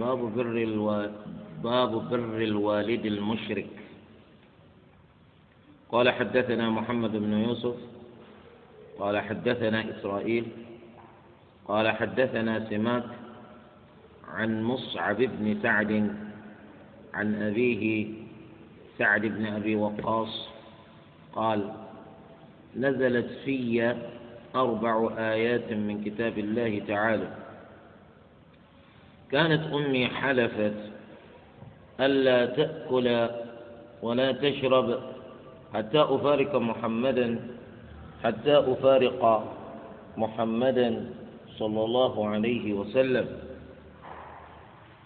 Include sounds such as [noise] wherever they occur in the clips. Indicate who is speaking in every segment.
Speaker 1: باب بر الو... باب بر الوالد المشرك قال حدثنا محمد بن يوسف قال حدثنا إسرائيل قال حدثنا سماك عن مصعب بن سعد عن أبيه سعد بن أبي وقاص قال نزلت في أربع آيات من كتاب الله تعالى كانت أمي حلفت ألا تأكل ولا تشرب حتى أفارق محمدا حتى أفارق محمدا صلى الله عليه وسلم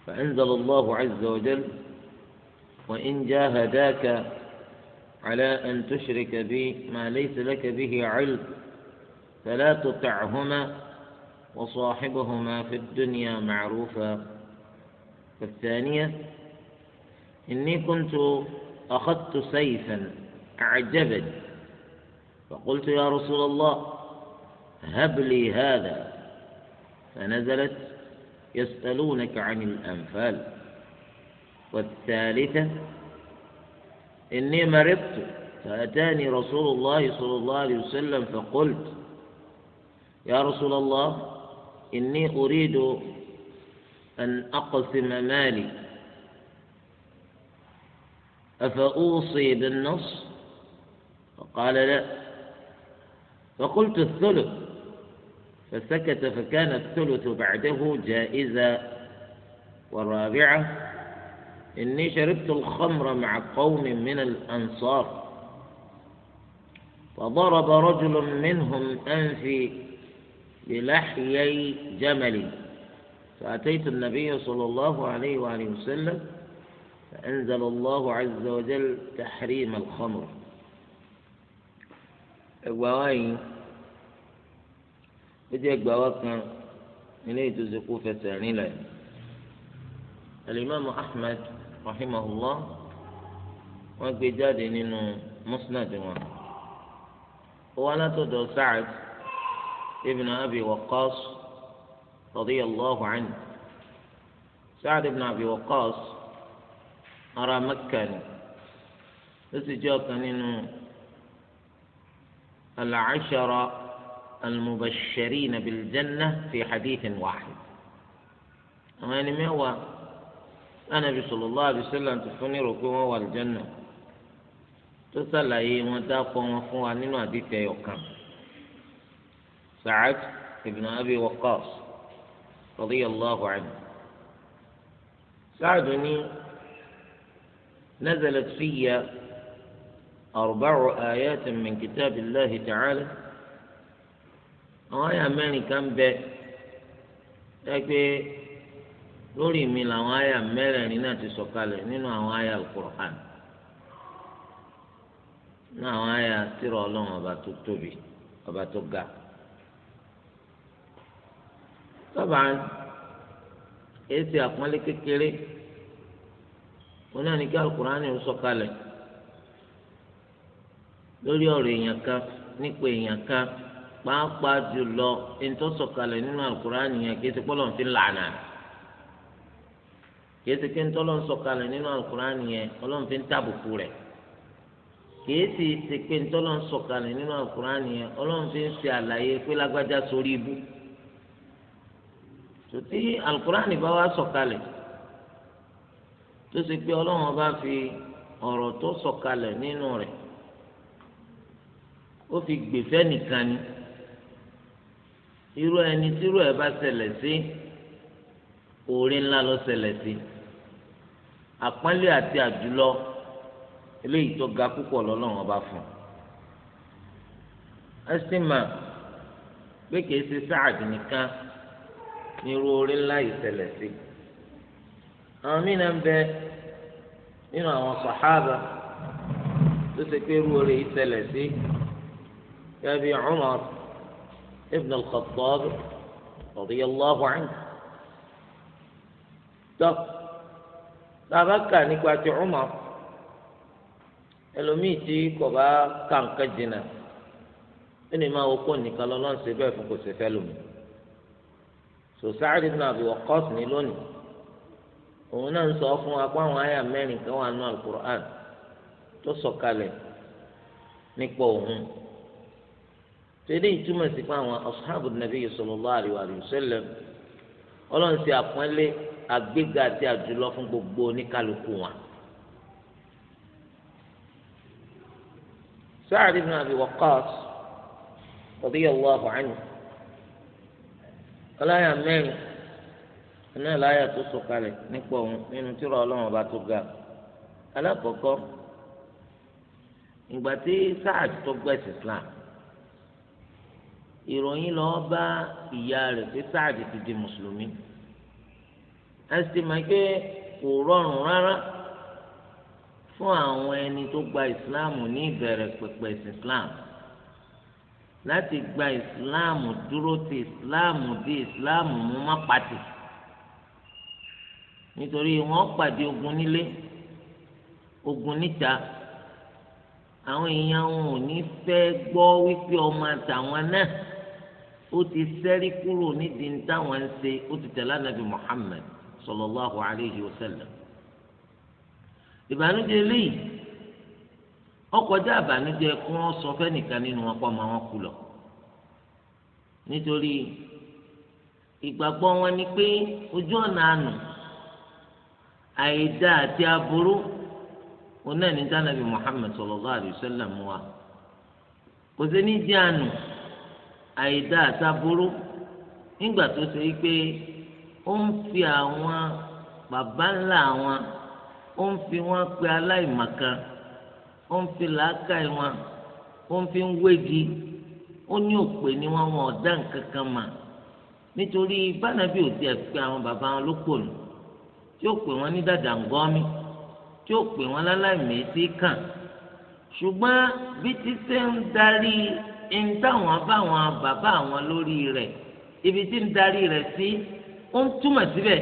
Speaker 1: فأنزل الله عز وجل وإن جاهداك على أن تشرك بي ما ليس لك به علم فلا تطعهما وصاحبهما في الدنيا معروفا والثانية إني كنت أخذت سيفا أعجبني فقلت يا رسول الله هب لي هذا فنزلت يسألونك عن الأنفال والثالثة إني مرضت فأتاني رسول الله صلى الله عليه وسلم فقلت يا رسول الله إني أريد أن أقسم مالي أفأوصي بالنص فقال لا فقلت الثلث فسكت فكان الثلث بعده جائزة والرابعة إني شربت الخمر مع قوم من الأنصار فضرب رجل منهم أنفي بلحيي جمل فأتيت النبي صلى الله عليه وآله وسلم فأنزل الله عز وجل تحريم الخمر إغواوي بدي إغواوك إليه تزقوا فتعني الإمام أحمد رحمه الله وأبي جاد مسند وأنا تدو سعد ابن أبي وقاص رضي الله عنه سعد بن أبي وقاص أرى مكة لسجاك من العشرة المبشرين بالجنة في حديث واحد أنا ما هو النبي صلى الله عليه وسلم تفني ركوم والجنة تسأل أي متاقوم وديت يوكم سعد بن أبي وقاص رضي الله عنه سعدني نزلت في أربع آيات من كتاب الله تعالى آية ماني كان بي لكن lórí mi làwọn àyà mẹ́rẹ̀ẹ̀rin náà ti sọ̀kalẹ̀ nínú àwọn àyà alukur'an nínú àwọn àyà tìrọ ọlọ́run ọba tó tóbi ọba tó ga. sọba èsì àpọ́nlé kékeré wọn náà ní kí alukur'an yóò sọ̀kalẹ̀ lórí ọrụ èèyàn kan nípa èèyàn kan pàápàá jùlọ ẹnitọ́ nínú alukur'an yẹn kí ẹsẹ̀ pọ́lọ́ fi lànà kí ẹsẹ̀ kí ẹnitọ́ lọ́ nínú alukur'an yẹn ọlọ́run fi ń tàbùkù pé sọ̀kalẹ̀ nínú ọlọ́run fi ń ṣe àlàyé pé lágbájá sórí ibú. tòtí alukurani bá wa sọ̀kalẹ̀ tó ṣe pé ọlọ́run bá fi ọ̀rọ̀ tó sọ̀kalẹ̀ nínú rẹ̀ ó fi gbèfẹ́ nìkan ni irú ẹni tírú ẹ bá ṣẹlẹ̀ sí oore ńlá ló ṣẹlẹ̀ sí àpọ́nlé àti àjùlọ eléyìí tó ga púpọ̀ lọ́lọ́run ọba fún un ẹ sì mà pé kìí ṣe sáàdì nìkan ní irú orí ńlá yìí ṣẹlẹ̀ sí. àwọn míì náà ń bẹ nínú àwọn sàhábà tó ṣe pé irú orí yìí ṣẹlẹ̀ sí. yàbí Umar ibn al-Khattab radiyallahu anhu. tọ́ bàbá kà nípa ti Umar ẹlòmíì tí kò bá kà nǹkan jìnnà ó máa wọ́pọ̀ nìkan lọ́lọ́ ṣe bẹ́ẹ̀ fún kò ṣe fẹ́ lómi. sòsáàdì náà bí wọ́kọ́s ní lónìí òun náà ń sọ fún wa pé àwọn àyà mẹ́rin kan wà nù alukur'an tó sọ̀kalẹ̀ nípa òun tẹ́lẹ̀ ìtumọ̀ sí pé àwọn ashabu nabi sallallahu alaihi wa sallam ọlọ́run ti àpọ́nlé àgbéga àti àjùlọ fún gbogbo oníkálukú wọn. Sa'd ibn Abi Waqqas ọláyà mẹ́rin iná láyà tó sọ̀kalẹ̀ nípa òun nínú tírà Ọlọ́run ọba tó ga alákọ̀ọ́kọ́ ìgbà tí Sáàd tó gbẹ̀sì Islam ìròyìn lọ bá ìyá rẹ̀ pé Sáàd ti di mùsùlùmí a sì pé kò rọrùn rárá fún àwọn ẹni tó gba Islam ní ìbẹ̀rẹ̀ pẹ̀pẹ̀ Islam. Islam láti gba ìsìláàmù dúró ti ìsìláàmù di ìsìláàmù mú má pàtì nítorí wọ́n pàdé ogun nílé ogun níta àwọn èèyàn wọn ò ní fẹ́ gbọ́ wípé ọmọ àtàwọn náà ó ti sẹ́rí kúrò nídìí táwọn ń ṣe ó ti tẹ̀lé ànábì Muhammad sallallahu alayhi wa sallam ìbànújẹ́ eléyìí. ọkọjá àbànújẹ́ kí wọn sọ fẹnìkan nínú wọn pọ̀ mọ́ wọn kú lọ nítorí ìgbàgbọ́ wọn ni pé ojú ọ̀nà àánú àìdá àti aburú oná ní jánàbí Muhammad sallallahu alaihi wasallam wa kò sí ní jẹ́ àánú àìdá àti aburú nígbà tó ṣe pé ó ń fi àwọn bàbá ńlá wọn ó ń fi wọn pe aláìmọ̀kan. ó ń fi làákà wọn ó ń fi ń wégi ó ní òpè ní wọn wọn ọ̀dá nǹkan kan mà nítorí bánàbí ò tiẹ̀ pé àwọn bàbá wọn ló pò nù tí ó pè wọn ní dàdàngọ́mí tí ó pè wọn láláìmẹ̀ẹ́sì kàn ṣùgbọ́n bí ti ṣe ń darí ń táwọn báwọn bàbá àwọn lórí rẹ̀ ibi tí ń darí rẹ̀ sí ó ń túmọ̀ síbẹ̀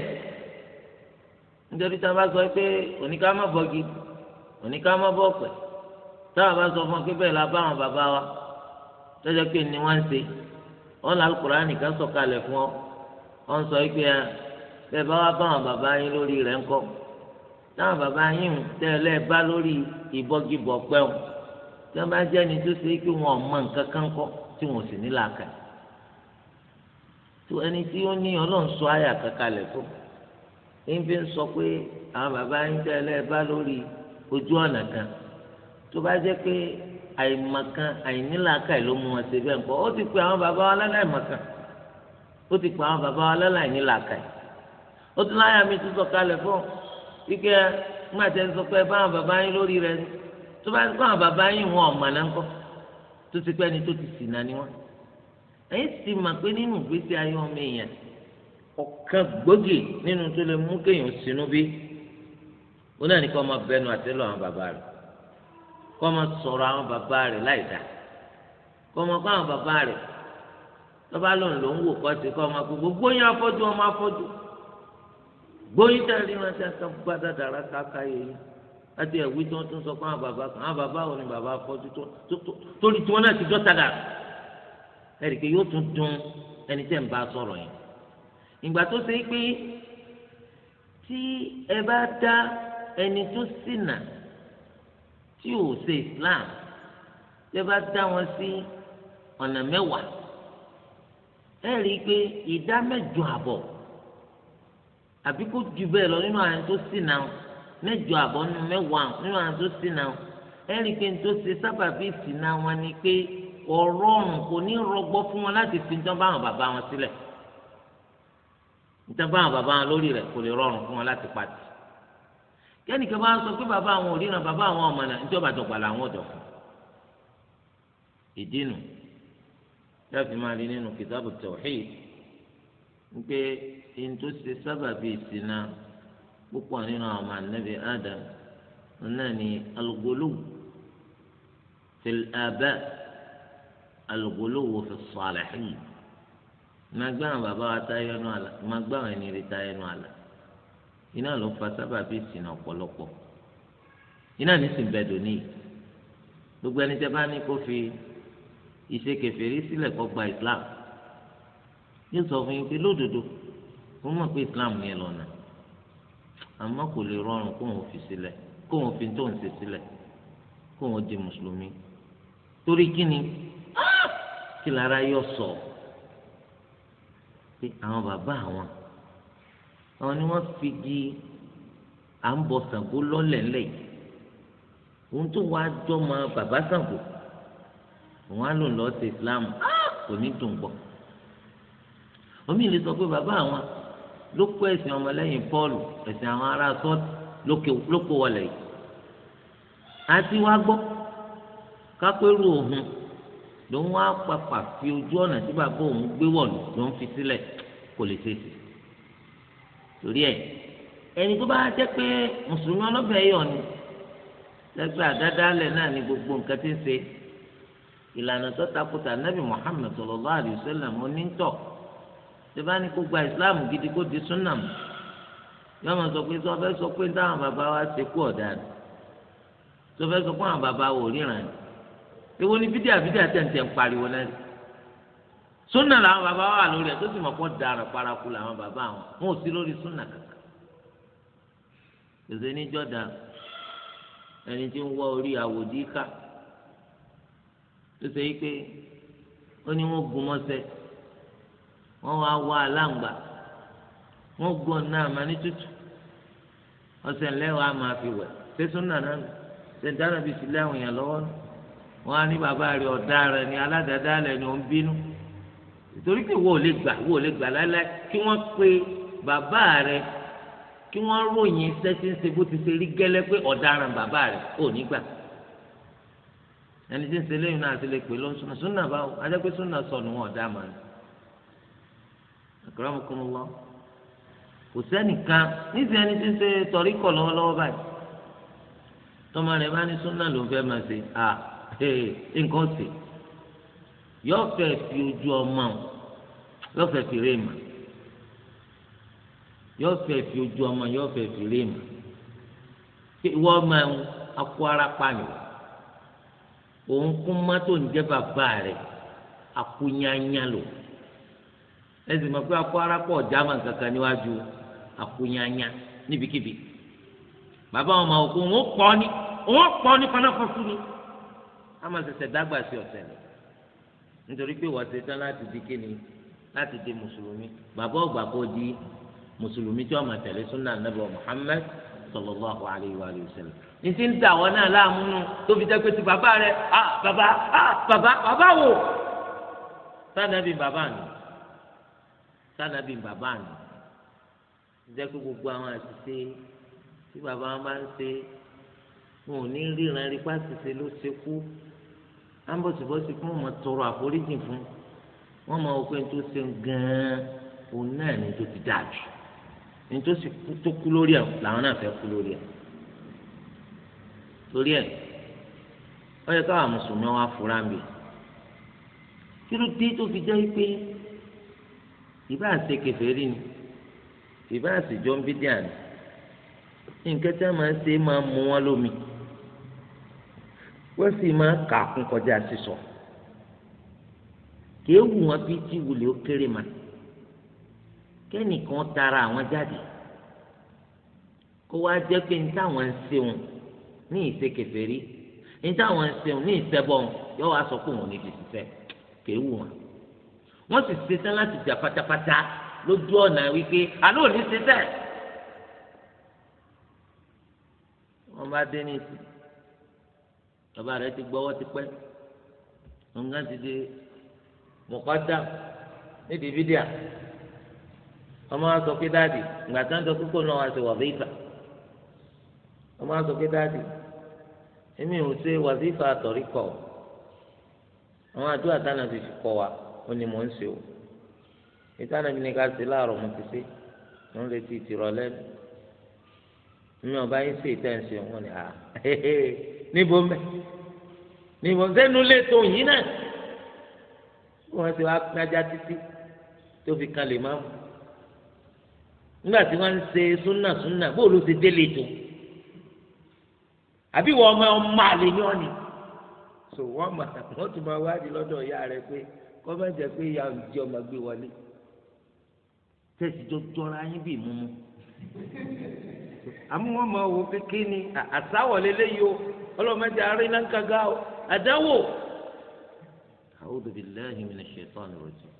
Speaker 1: nítorí tí bá sọ pé oníkàá má bọ́gi oníkàá má bọ́ pẹ̀ táwọn bá sọ fún ọ pé bẹ́ẹ̀ la bá àwọn bàbá wa tọ́jọ́ pé ni wọ́n ń ṣe wọn là Al-Kùránì nìkan sọ̀kalẹ̀ fún ọ wọn sọ pé ẹ bẹ́ẹ̀ bá wa bá àwọn bàbá yín lórí rẹ̀ ńkọ́ táwọn bàbá yín ń tẹ́lẹ̀ bá lórí ìbọ́gibọ̀ pẹ́wọ̀n tí wọ́n bá jẹ́ ni tó ṣe pé wọn ò mọ nǹkan kan kọ́ tí wọn ò sì ní làákàyè tó ẹni tí ó ní ọlọ́run sọ àyà kankalẹ̀ fún un ń fi sọ pé àwọn bàbá yín tẹ́lẹ̀ bá lórí ojú ọ̀nà kan tó bá jẹ́ pé àìmọ̀kan àìnílàákàyè ló mú wọn ṣe bẹ́ẹ̀ nǹkan ó ti pe àwọn bàbá wa láláìmọ̀kan ó ti pe àwọn bàbá wa láláìnílàákàyè ó tún láyà mi tún sọ̀kalẹ̀ fún wíkẹ́ ńgbàtẹ́ ń sọ pé báwọn bàbá yín lórí rẹ tó bá kọ́ àwọn bàbá yín wọn ọ̀mà náà ńkọ́ tó ti pẹ́ ni tó ti sìnà ni wọn. ẹ̀yin sì mà pé nínú ìgbésí ayé ọmọ èèyàn ọ̀kan gbòógì nínú tó lè mú kéèyàn sínú bí kọ́ máa sọ̀rọ̀ àwọn bàbá rẹ̀ láì dá kọ́ máa kọ́ àwọn bàbá rẹ̀ lọ́ba lòun ló ń wò kọ́ sí kọ́ máa gbogbo gbóyún afọ́jú ọmọ afọ́jú gbóyún tẹ̀lé wọn ti ẹ̀ka gbádà dára káká yẹn láti ẹ̀wí tí wọ́n tún sọ fún àwọn bàbá kan àwọn bàbá wo ni bàbá afọ́jú torí tí wọ́n náà ti dọ́ta dà ẹ̀rì pé yóò tún ìgbà tó ṣe é pé tí ẹ bá dá ẹni tó sì nà tí o ṣe islam tẹ́ bá dá wọn sí ọ̀nà mẹ́wàá ẹ rí i pé ìdá mẹ́jọ àbọ̀ àbí kó ju bẹ́ẹ̀ lọ nínú àwọn tó sì náà mẹ́jọ àbọ̀ nínú mẹ́wàá nínú àwọn tó sì náà ẹ rí i pé tó ṣe sábàbí ìsìnà wọn ni pé ọ̀rọ̀ ọ̀run kò ní rọgbọ fún wọn láti fi nǹkan bá àwọn bàbá wọn sílẹ̀ nǹkan àwọn bàbá wọn lórí rẹ̀ kò lè rọrùn fún wọn láti pàtì kẹ́nìkan bá ń sọ pé bàbá àwọn ò ríran bàbá àwọn ọmọ náà níjọba àjọgbà làwọn ọ̀dọ̀ fún ìdí nu láti máa rí nínú kìtàbù tawhid wípé ẹni tó ṣe sábàbí ìṣìnà púpọ̀ nínú àwọn ọmọ ànábì Adam náà ni alugolú fil aba alugolú wo fi salihin máa gbá àwọn bàbá wa táyé nu àlà máa gbá àwọn ẹni rí táyé nu àlà iná ló fa sábàbí ìsìn ọ̀pọ̀lọpọ̀ iná nísìn bẹ́ẹ̀ dòní gbogbo ẹni tẹ́ bá ní kó fi ìṣe kèfèrí sílẹ̀ kó gba islam yóò sọ fún yín pé lódodo wọ́n mọ̀ pé islam ni ẹ lọ́nà àmọ́ kò lè rọrùn kó wọn fi sílẹ̀ kó wọn fi tó ń ṣe sílẹ̀ kó wọn di mùsùlùmí torí kí ni kí lára yọ sọ pé àwọn bàbá àwọn àwọn ni wọ́n fi di à ń bọ Ṣàngó lọ́lẹ̀ lẹ̀ ohun tó wàá jọ mọ bàbá Ṣàngó òun á lò lọ́ọ́ ṣe Islam kò ní dùn gbọ́ omi ìlú sọ pé bàbá àwọn ló kó ẹ̀sìn ọmọlẹ́yìn Pọ́ọ̀lù ẹ̀sìn àwọn ará sọ́ọ̀tì ló kó wọlé yìí àti wá gbọ́ kápẹ́rù òhun ló ń wá papà fi ojú ọ̀nà tí bàbá òun gbé wọ̀lú ló ń fi sílẹ̀ kò lè ṣe sí i torí ẹ ẹni tó bá jẹ pé mùsùlùmí ọlọ́bẹ̀ yọ̀ ni lẹ́gbẹ́ àdádálẹ̀ náà ni gbogbo nǹkan ti ń ṣe ìlànà tó takùtà nábì Muhammad sallallahu alaihi wasallam onítọ̀ tó bá ní kó gba ìsìláàmù gidi kó di súnà mù yọ ọmọ sọ pé tó fẹ́ sọ pé táwọn bàbá wa ṣe kú ọ̀dà ni tó fẹ́ sọ pé àwọn bàbá wa ò ríran ni ewo ni bídíà bídíà tẹ̀ǹtẹ̀ ń pariwo náà súnà làwọn bàbá wà lórí ẹ tó sì mọ̀ pé dara paraku làwọn bàbá wọn wọn ò sí lórí súnà kankan gbèsè níjọ́ da ẹni tí ń wọ orí àwòdì ká tó ṣe pé ó ní wọ́n gun mọ́sẹ̀ wọ́n wá wá aláǹgbà wọ́n gbọ́n náà máa ní tútù ọṣẹ ńlẹ́wàá máa fi wẹ̀ ṣé súnà náà ṣe dáná bí sílẹ̀ àwọn èèyàn lọ́wọ́ wọn á ní bàbá rẹ̀ ọ̀daràn ni aládàáda rẹ̀ ni ó ń bínú torí pé ìwọ ò lè gbà ìwọ ò lè gbà láéláé kí wọ́n pe bàbá rẹ kí wọ́n ròyìn sẹ́sìn ṣe bó ti ṣe rí gẹ́lẹ́ pé ọ̀daràn bàbá rẹ ò ní gbà ẹni tí ń ṣe lẹ́yìn náà ti lè pè lọ sùnà sùnà báwo ajá pé sùnà sọnù wọn ọ̀dà màá akramakumullah kò sẹ́nìkan níṣẹ́ ẹni tí ń ṣe tọ̀ríkọ̀ lọ́wọ́lọ́wọ́ báyìí tọ́mọ rẹ̀ bá ní sùnà ló ń fẹ́ máa ṣe à nǹkan ọ̀sìn. yóò fẹ́ fi ojú ọmọ o yóò fẹ́ fi rèémà yóò fẹ́ fi ojú ọmọ yóò fẹ́ fi rèémà ìwọ ọmọ ẹ akó ara pààyàn òun kún ń bàbá akúnyányá lò pé akó ara pọ jámà kankan níwájú akúnyányá níbikíbi bàbá wọn máa wò pé òun pọ̀ ni òun pọ̀ ni fanáfọ́sí ni a máa ṣẹ̀ṣẹ̀ dágbà sí nítorí pé wọ́n ṣe tán láti di kíni láti di mùsùlùmí bàbá ọgbà kò di mùsùlùmí tí wọ́n máa tẹ̀lé súnà nàbẹ Muhammad sallallahu alayhi wa sallam ní ti ń ta àwọn náà láàmúnú tó fi jẹ́ pé ti bàbá rẹ̀ à ah, bàbá à ah, bàbá bàbá wò sànàbí bàbá nù sànàbí bàbá nù jẹ́ pé gbogbo àwọn àṣìṣe tí bàbá wọn bá ń ṣe wọn ò ní ríran rí pàṣìṣe ló ṣe kú à ń bọ̀sibọ́sí fún wọn tọrọ àforíjì fún wọn máa wọ́pẹ́ tó ṣe gan-an òun náà ni tó ti dáa jù ní tó sì tó kú lórí ẹ̀ làwọn náà fẹ́ kú lórí ẹ̀ torí ẹ̀ ó yẹ káwọn mùsùlùmí wa fura mi kí ló dé tó fi jẹ́ pé ìbá ṣe kèfèrí ni ìbá ṣèjọ́ ń bí díà ni nǹkan tí a máa ṣe máa mú wọn lómi wọ́n sì máa kà á kún kọjá sísọ kìí wù wọn bíi tí wulẹ̀ ó kéré ma kẹ́nìkan tara àwọn jáde kó wá jẹ́ pé ní táwọn ń ṣeun ní ìṣe kèfèrí ní táwọn ń ṣeun ní ìṣẹ́bọ̀n yóò wá sọ pé òun ní ìdìsísẹ́ kìí wù wọn wọ́n sì ṣetán láti jà pátápátá lójú ọ̀nà wípé àlọ́ òní ṣetán wọ́n bá dé ní ìsìn bàbá rẹ̀ ti gbọ́wọ́ tipẹ́ nǹkan ti di mọ̀kọ́dà nídìí fídíà ọmọ wa sọ pé dáàdì ìgbà tí wọ́n sọ kókó náà wá sí wàzífà ọmọ wa sọ pé dáàdì èmi ò ṣe wàzífà àtọ̀rí kọ̀ àwọn àdúrà táwọn àti fi kọ̀ wa ó ní mò ń ṣe o ìtànà mi ní ká ṣe láàárọ̀ mo ti ṣe mo ń retí ìtìrọ̀lẹ́ mi ò bá yín ṣe ìtẹ̀síọ̀ wọn ni à níbo mẹ níbo sẹ́nu lè tó yín náà wọ́n ti wá pínájà títí tó fi kan lè máa mú nígbà tí wọ́n ń ṣe súnà súnà bóòlù ti délé tó àbí wọ́n ọmọ ọmọ àlè ní ọ̀nì so wọ́n mà wọ́n tún máa wádìí lọ́dọ̀ ìyá rẹ pé kọ́ bá jẹ pé ìyá òjì ọmọ gbé wọlé tẹ̀sí tó jọra yín bí mímú àmú máa wo kékeré ni àsáwọ̀ lélẹ́yìí o ọlọ́mọdé arí lanka ga o àdáwò. a'udhu billahi minash shaitani rajim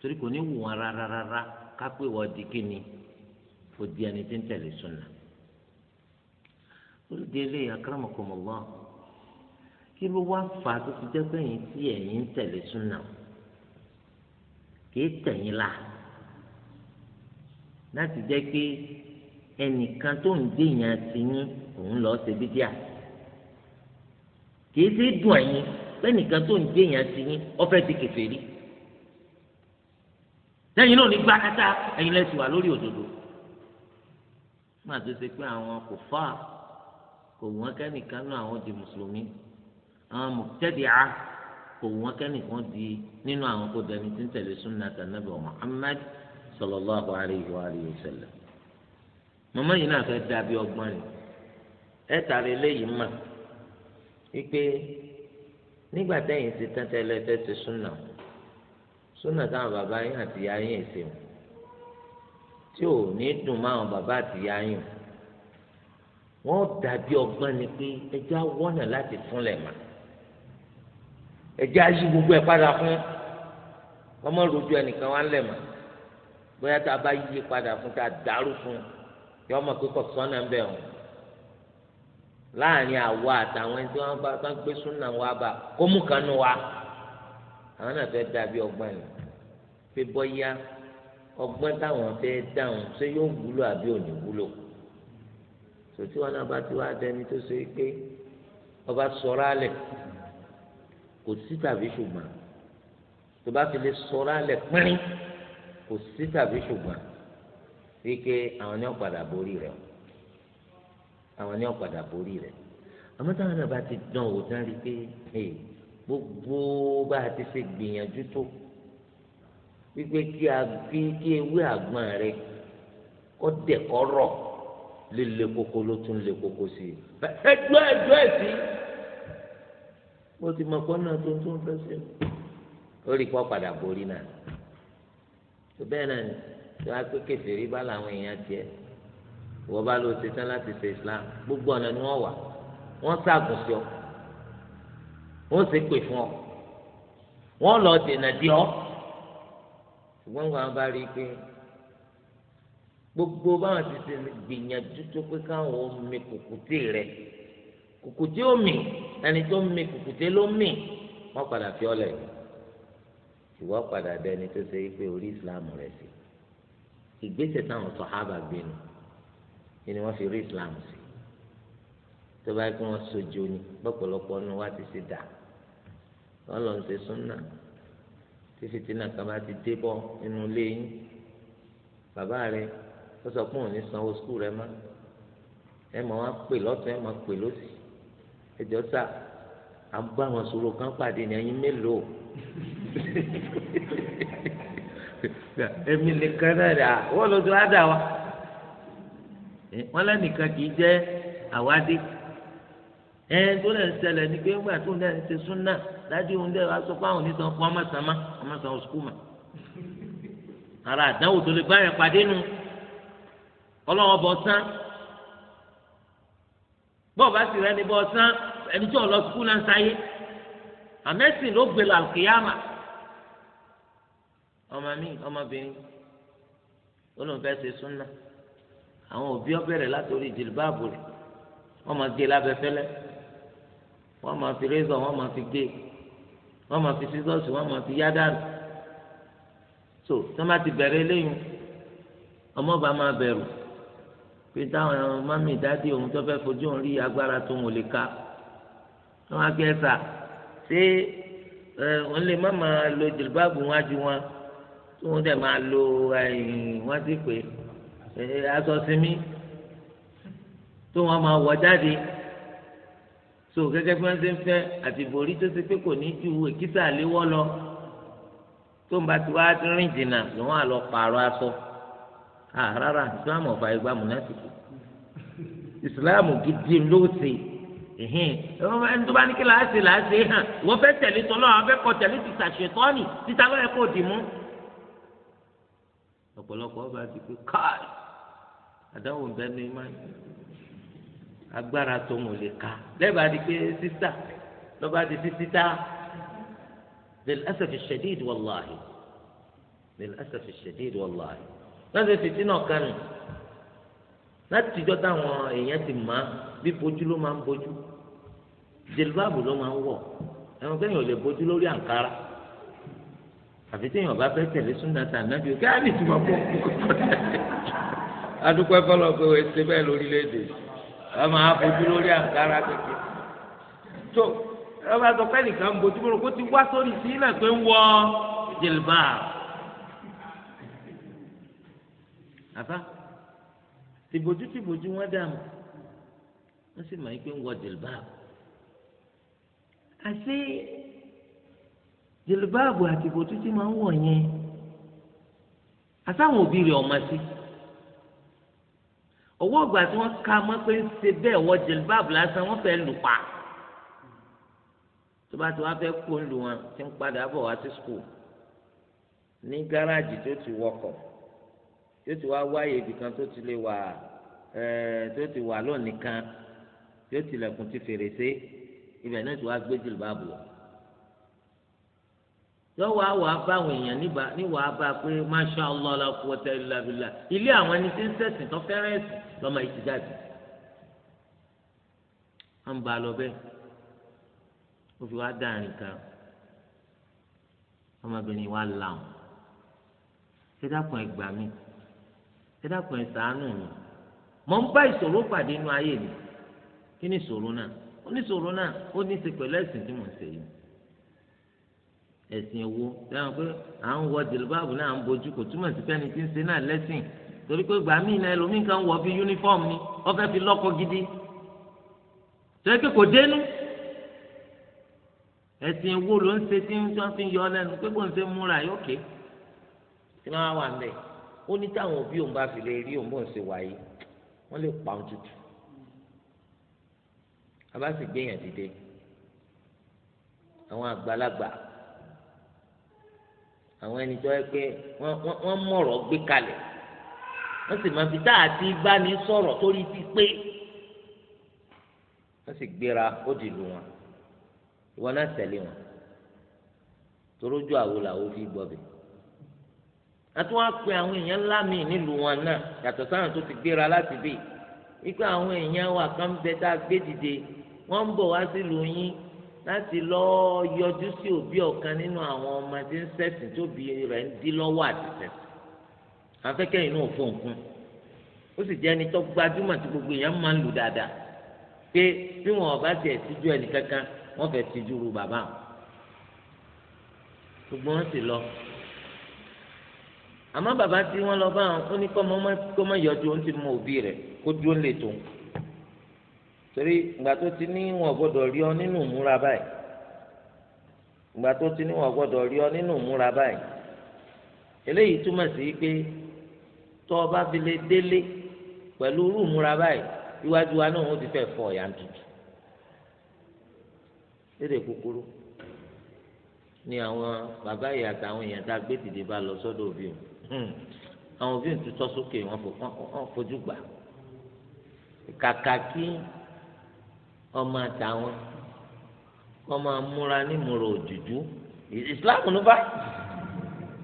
Speaker 1: torí kò ní wù wọn rárá kápẹ́ wọ́n di kíni kò di ẹni tí ń tẹ̀lé sunna. olùdílé akramakumullah kí ló wá fà tó fi jẹ́ pé ẹ̀yin tí ẹ̀yin ń tẹ̀lé sunna kìí tẹ̀yìn la láti jẹ́ pé ẹnìkan tó ń gbé yẹn ti yín òun kìí sí dùn ẹ̀yin lẹ́nìkan tó ń gbé yẹn sí yín ọ̀fẹ́ ti kẹfẹ́ rí lẹ́yìn náà ní gbàkátà ẹ̀yin lẹ́sìn wà lórí òdodo má tó ṣe pé àwọn kò fà kò wọ́n kẹ́nìkan náà àwọn di mùsùlùmí àwọn mùtẹ́dìá kò wọ́n kẹ́nìkan di nínú àwọn kó dẹni tí ń tẹ̀lé súnà tànàbí Muhammad sallallahu alayhi wa alihi wa sallam màmá yìí náà fẹ́ dàbí ọgbọ́n ni ẹ̀ tàrí eléyìí mọ́ wípé nígbà tẹ́yìn ti tán tẹ́lẹ̀ tẹ́ ti súnà súnà táwọn bàbá yín àti ìyá yín èsì wọn tí ò ní dùn máwọn bàbá àti ìyá yín wọn dàbí ọgbọ́n ni pé ẹjẹ́ wọ́nà láti fúnlẹ̀ mà ẹjẹ́ ayé gbogbo ẹ̀ padà fún ọmọ rojú ẹnìkan wá lẹ̀ mà bóyá tá a bá yí padà fún tá a dàrú fún yọ ọmọ pé kò sọ́nà ń bẹ̀ wọn láàrin àwa àtàwọn ẹni tí wọn bá bá gbé súnà wa bá kó mú kan nù wa àwọn náà fẹ́ dàbí ọgbọ́n yìí pé bóyá ọgbọ́n táwọn fẹ́ dáhùn ṣé yóò wúlò àbí ò ní wúlò sòtí wọn náà bá ti wá dẹni tó ṣe pé ọba sọ̀rọ̀ alẹ̀ kò sí tàbí ṣùgbọ́n tó bá fi lè sọ̀rọ̀ alẹ̀ pínrín kò sí tàbí ṣùgbọ́n wípé àwọn ní ọ̀padà borí rẹ̀ o àwọn ní ọ̀padà borí rẹ̀ àmọ́ táwọn náà bá ti dán wò tán rí i pé gbogbo bá a ti ṣe gbìyànjú tó wípé kí a fi kí ewé àgbọn rẹ kó dẹ̀ kó rọ̀ líle koko ló tún lè koko sí i ẹjọ́ ẹjọ́ ẹ̀sí bó ti mọ pọ́n náà tó ń tó ń fẹ́ sí i ó rí i pọ́ padà borí náà tó bẹ́ẹ̀ náà ni tó a pé kẹfẹ́ rí bá làwọn èèyàn tiẹ̀ wọ́n bá lọ ṣe tán láti ṣe islam gbogbo ọ̀nà ni wọ́n wà wọ́n ṣàgùn sí ọ wọ́n ṣe pè fún ọ wọ́n lọ dènà dí ọ ṣùgbọ́n wọn bá rí i pé gbogbo báwọn ti ṣe gbìyànjú tó pé káwọn ò mi kùkùté rẹ kùkùté ó ẹni tó mi kùkùté ló mì wọ́n padà fi ọ lẹ̀ ìwọ padà dẹni tó ṣe pé orí islam rẹ sí ìgbésẹ̀ táwọn sàhábà gbé nu ni wọ́n fi rí islam sí tó bá yẹ kí wọ́n sojo ni lọ́pọ̀lọpọ̀ nínú wa ti ṣe dà wọ́n lọ ń ṣe súnà tí fìtínà kan bá ti dé bọ́ nínú ilé yín bàbá rẹ ó sọ pé òun ní sanwó skul rẹ mọ́ ẹ mọ̀ wá pè lọ́tọ̀ ẹ mọ̀ pè lọ́sì ẹjọ́ sà á bá wọn sọ̀rọ̀ kan pàdé ní ẹyin mélòó [laughs] ẹ̀mí nìkan náà rà wọ́n lọ́dún á dà wá wọn lẹ́nìkan kì í jẹ́ àwádìí ẹn tó lẹ́ ń ṣẹlẹ̀ ní pé ńgbà tó ń dẹ́ ń ṣe súnà dájú ń dẹ́ wá sọ pé àwọn oníṣàn kó ọmọọ̀sánmá ọmọọ̀sán oṣù kùmà
Speaker 2: ara àdánwò tó lè bá yẹn pàdé nu
Speaker 1: ọlọ́wọ́ bọ̀ sán bọ́ọ̀ bá sì rẹ ní bọ́ sán ẹni tí ọ̀lọ́ sukùl náà ń sáyé àmẹ́sìn ló gbé làlùkìyàmà ọmọ mi ọmọbìnrin ó ṣe súnà àwọn òbí ọbẹ̀rẹ̀ látòrí jìlbáàbù rẹ̀ wọ́n máa gé lábẹ́fẹ́lẹ́ wọ́n máa fi rézọ̀ wọ́n máa fi gé wọ́n máa fi sísọ́ọ̀sì wọ́n máa fi yá dànù so tó má ti bẹ̀rẹ̀ eléyìí ọmọọba máa bẹ̀rù pé táwọn mami dádì òun tó fẹ́ fojú òun rí agbára tó ń wòlé ká wọ́n á gbé ẹ̀sà ṣé wọ́n lè má máa lo jìlbáàbù wájú wọn tí wọ́n dẹ̀ máa lo wọ́n ti pè Eh, aṣọ sinmi tó wọn máa wọ jáde so gẹ́gẹ́ bí wọ́n ṣe ń fẹ́ àti borí tó ṣe pé kò ní ju èkìtà léwọ lọ tó ń bá ti wá rìn jìnnà lòun àlọ pààrọ̀ aṣọ àrárá ah, islam ọba ìgbà múnásìkò islam gidi ló ṣe ẹhìn ẹni tó bá ní kí láàṣì láàṣì hàn wọ́n fẹ́ tẹ̀lé tọ́lọ́ àwọn fẹ́ kọ tẹ̀lé ti ṣàṣetọ́ni títa lọ́yẹ kó dì mú ọ̀pọ̀lọpọ̀ ọba ti pé káàdì àdáwò ń bẹ ní imáyé agbára tó ń lè ka lẹ́bàá di pé sísá lọ́ba di sísítá lil asaf ash-shadid wallahi lil asaf ash-shadid wallahi wọ́n ti fìtínà kánú látijọ́ táwọn èèyàn ti mọ̀ bí bojú ló máa ń bojú jìlbáàbù ló máa ń wọ̀ ẹ̀wọ̀n kẹ́yìn ò lè bojú lórí àǹkárá àfi téèyàn bá fẹ́ tẹ̀lé súnà tà nábì ó kí á lè túmọ̀ bọ́ adúpẹ́ fọlọ́ pé wọ́n ṣe bẹ́ẹ̀ lórílẹ̀‐èdè wọ́n máa bójú lórí àǹkárá kékeré tó wọ́n bá sọ pé nìkan ń bójú bọ́lọ́ kó ti wá sórí sílẹ̀ pé ń wọ jìlbà àbá tìbójú tìbójú wọ́n dààmú wọ́n sì máa ń pé ń wọ jìlbà àti jìlbà àbò àtìbójú tí máa ń wọ̀ yẹn àtàwọn òbí rẹ̀ ọmọ sí owó ọgbà tí wọ́n ká mọ́ pé ń ṣe bẹ́ẹ̀ wọ jìlbáàbù lásán wọ́n fẹ́ẹ́ lù pa tó bá ti wá fẹ́ẹ́ kó lù wọn ti ń padà bọ̀ wá sí skul ní gáràjì tó ti wọkọ̀ tó ti wá wáyé ibìkan tó ti lè wà tó ti wà lónìí kan tó ti lẹ̀kùn ti fèrèsé ibẹ̀ náà ti wá gbé jìlbáàbù lọ lọ́wọ́ àwọ̀ abáwọn èèyàn níwàá bá pé masha allah la quwwata illa billah ilé àwọn ẹni tí ń ṣẹ̀sìn tó fẹ́ràn ẹ̀sìn lọ́mọ yìí ti jáde wọ́n ń ba lọ bẹ́ẹ̀ ó fi wá dáàrin kan ọmọbìnrin wa là wọn ẹ dákun ẹ gbà mí mi mọ̀ ń bá ìṣòro pàdé inú ayé mi kí ni ìṣòro náà ó ní ìṣòro náà ó ní í ṣe pẹ̀lú ẹ̀sìn tí mò ń ṣe yìí ẹ̀sìn owó sẹ́wọ̀n pé à ń wọ jìlúbáàbù náà à ń bojú kò túmọ̀ sí pẹ́ni tí ń ṣe náà lẹ́sìn torí pé gbà mí náà ẹlòmíì kan wọ̀ bí yúnífọ́ọ̀mù ni wọ́n fẹ́ fi lọ́kọ gidi torí pé kò dénú ẹ̀sìn wo ló ń ṣe tí wọ́n fi yọ lẹ́nu pé kò ń ṣe múra yóò ké tí wọ́n wà ń bẹ̀ ó ní táwọn òbí òun bá fi lè rí òun bó ń ṣe wáyé wọ́n lè pa òun tutù abá sì gbéyàn dìde àwọn àgbàlagbà àwọn ẹni tó wọ́n mọ̀rọ̀ gbé kalẹ̀ wọ́n sì máa fi tá àti bá ní sọ̀rọ̀ torí ti pé wọ́n sì gbéra ó di lù wọn ìwọ náà tẹ̀lé wọn torójú àwo làwo fi gbọ́bẹ̀ àti wọn á pe àwọn èèyàn ńlá míì nílùú wọn náà yàtọ̀ sáwọn tó ti gbéra láti bì wípé àwọn èèyàn wa kan bẹ tá a gbé dìde wọ́n ń bọ̀ wá sílùú yín láti lọ́ọ́ yọjú sí òbí ọ̀kan nínú àwọn ọmọ tí ń ṣẹ̀sìn tóbi rẹ̀ ń dí lọ́wọ́ àti ṣẹ̀sìn afẹ́kẹ́ inú òfò nǹkan ó sì jẹ́ ẹni tó gbajúmọ̀ tí gbogbo èèyàn máa ń lù dáadáa pé bí wọn ọba tiẹ̀ síjú ẹnì kankan wọn fẹ́ síjú ru bàbá wọn gbogbo wọn sì lọ àmọ́ bàbá tí wọ́n lọ bá wọn ó ní kọ́ mọ́ yọjú ó ń ti mọ òbí rẹ̀ kó dúró lè tó torí ìgbà tó ti ní wọn gbọ́dọ̀ rí ọ nínú ìmúra báyìí ìgbà tó ti ní wọn gbọ́dọ̀ rí ọ nínú ìmúra báyìí eléyìí túmọ̀ sí pé tó o bá fi lè délé pẹ̀lú rúùmúra báyìí iwájú wa náà wọ́n ti fẹ́ fọ ọ̀yà tutù lédè kúkúrú ni àwọn bàbá ìyá àtàwọn èèyàn tá a gbé dìde bá lọ sọ́dọ̀ òbí o hmm. àwọn òbí tún tọ́ sókè wọn fojú gbà kàkà kí ọmọ àtàwọn kọ́ máa múra nímúra òjòjú ìsìláàmù ló bá.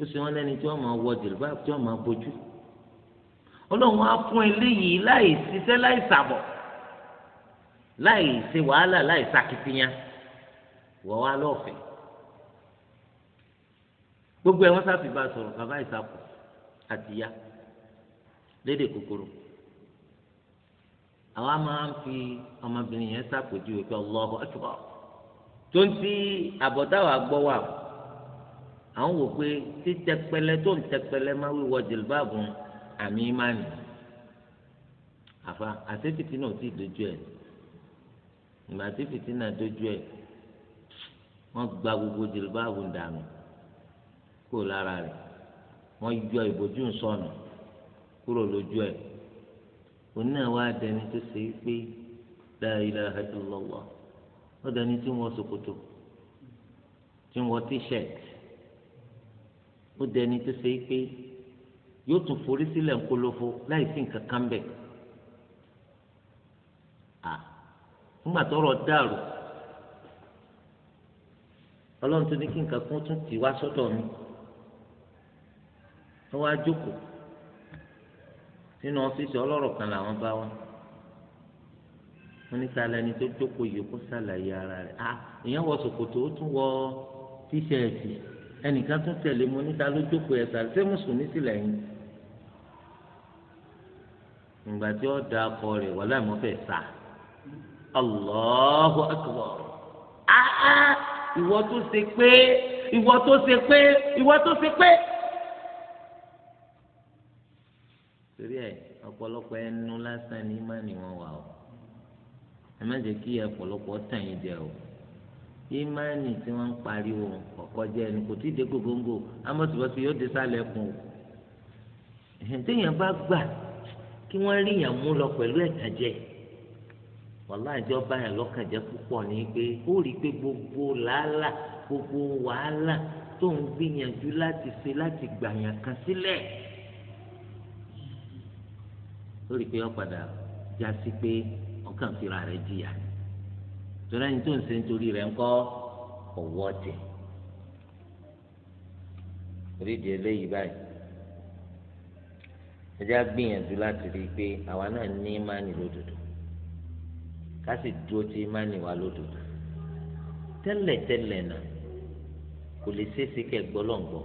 Speaker 1: ó sì wọn lẹ́ni tí wọ́n máa wọ jìlbá tí wọ́n máa bójú ọlọ́run á fún eléyìí láì ṣiṣẹ́ láì sàbọ̀ láì ṣe wàhálà láì ṣàkitiyan wọ́n wá lọ́ọ̀fẹ́ gbogbo ẹ̀ wọ́n sáfì bá sọ̀rọ̀ bàbá ìsàkùn àti ya lédè kòkòrò àwa máa ń fi ọmọbìnrin yẹn ṣàpèjúwe pé Allahu Akbar tó ń ti àbọ̀dáwà gbọ́ wà àwọn wò pé títẹpẹlẹ tó ń tẹpẹlẹ máa wíwọ jìlbáàbù àmì ìmánì àfa àti fìtínà ò tí ì dojú ẹ ìgbà tí fìtínà dojú ẹ wọ́n gba gbogbo jìlbáàbù dànù kúrò lára rẹ̀ wọ́n yọ ìbòjú sọnù kúrò lójú ẹ òun náà tó ṣe é pé la ilaha illallah ó dẹni tí wọ́n ṣòkòtò tí wọ́n tíṣẹ̀tì ó dẹni tó ṣe é pé yóò tún forí sílẹ̀ ńkolofo láì sí nǹkan kan bẹ̀. nígbà tọ́rọ̀ dàrú ọlọ́run tó ní kí nǹkan kan tún tì wá sọ́dọ̀ mi wọ́n wá jókòó nínú ọ́fíìsì ọlọ́rọ̀ kan làwọn bá wá wọ́n ní sálẹ̀ ẹni tó jókòó yìí kó sàlàyé ara rẹ̀ ah ìyẹn wọ ṣòkòtò ó tún wọ tíṣẹ̀ẹ̀tì ẹnìkan tún tẹ̀lé mo níta ló jókòó ẹ̀ sàrẹ́ ṣé mùsùlùmí sì lẹ́yìn ìgbà tí ó da akọ rẹ̀ wà láì mọ́ fẹ́ sà Allahu akbar aa ìwọ tó ṣe pé ìwọ tó ṣe pé ìwọ tó ṣe pé. torí ẹ ọ̀pọ̀lọpọ̀ ẹnu lásán ní má ni wọ́n wà o ẹ má jẹ́ kí ọ̀pọ̀lọpọ̀ tàn yín jẹ o. Imani tí wọ́n ń pariwo ọ̀kọ́jẹ́ ẹni kò tí ì dé gbogbo amọ̀tìbọ̀tì yóò dé sálẹ̀ kùn ò téèyàn bá gbà kí wọ́n rí yàn mú lọ pẹ̀lú ẹ̀tàjẹ́ wàláhì jọ báyà lọ́kànjẹ́ púpọ̀ ní pé ó rí i pé gbogbo làálà gbogbo wàhálà tó ń gbìyànjú láti ṣe láti gbàyàn kan sílẹ̀ ó rí i pé ó padà já sí pé ọkàn fira rẹ̀ jìyà ni torí ẹni tó ń ṣe nítorí rẹ̀ ńkọ́ ọ̀wọ́ tẹ̀ orídìí eléyìí báyìí ẹjẹ́ á gbìyànjú láti rí i pé àwa náà ní ìmánì lódodo ká sì dúró ti ìmánì wa lódodo tẹ́lẹ̀tẹ́lẹ̀ náà kò lè ṣeéṣe kẹ́ gbọ́lọ́ǹgbọ́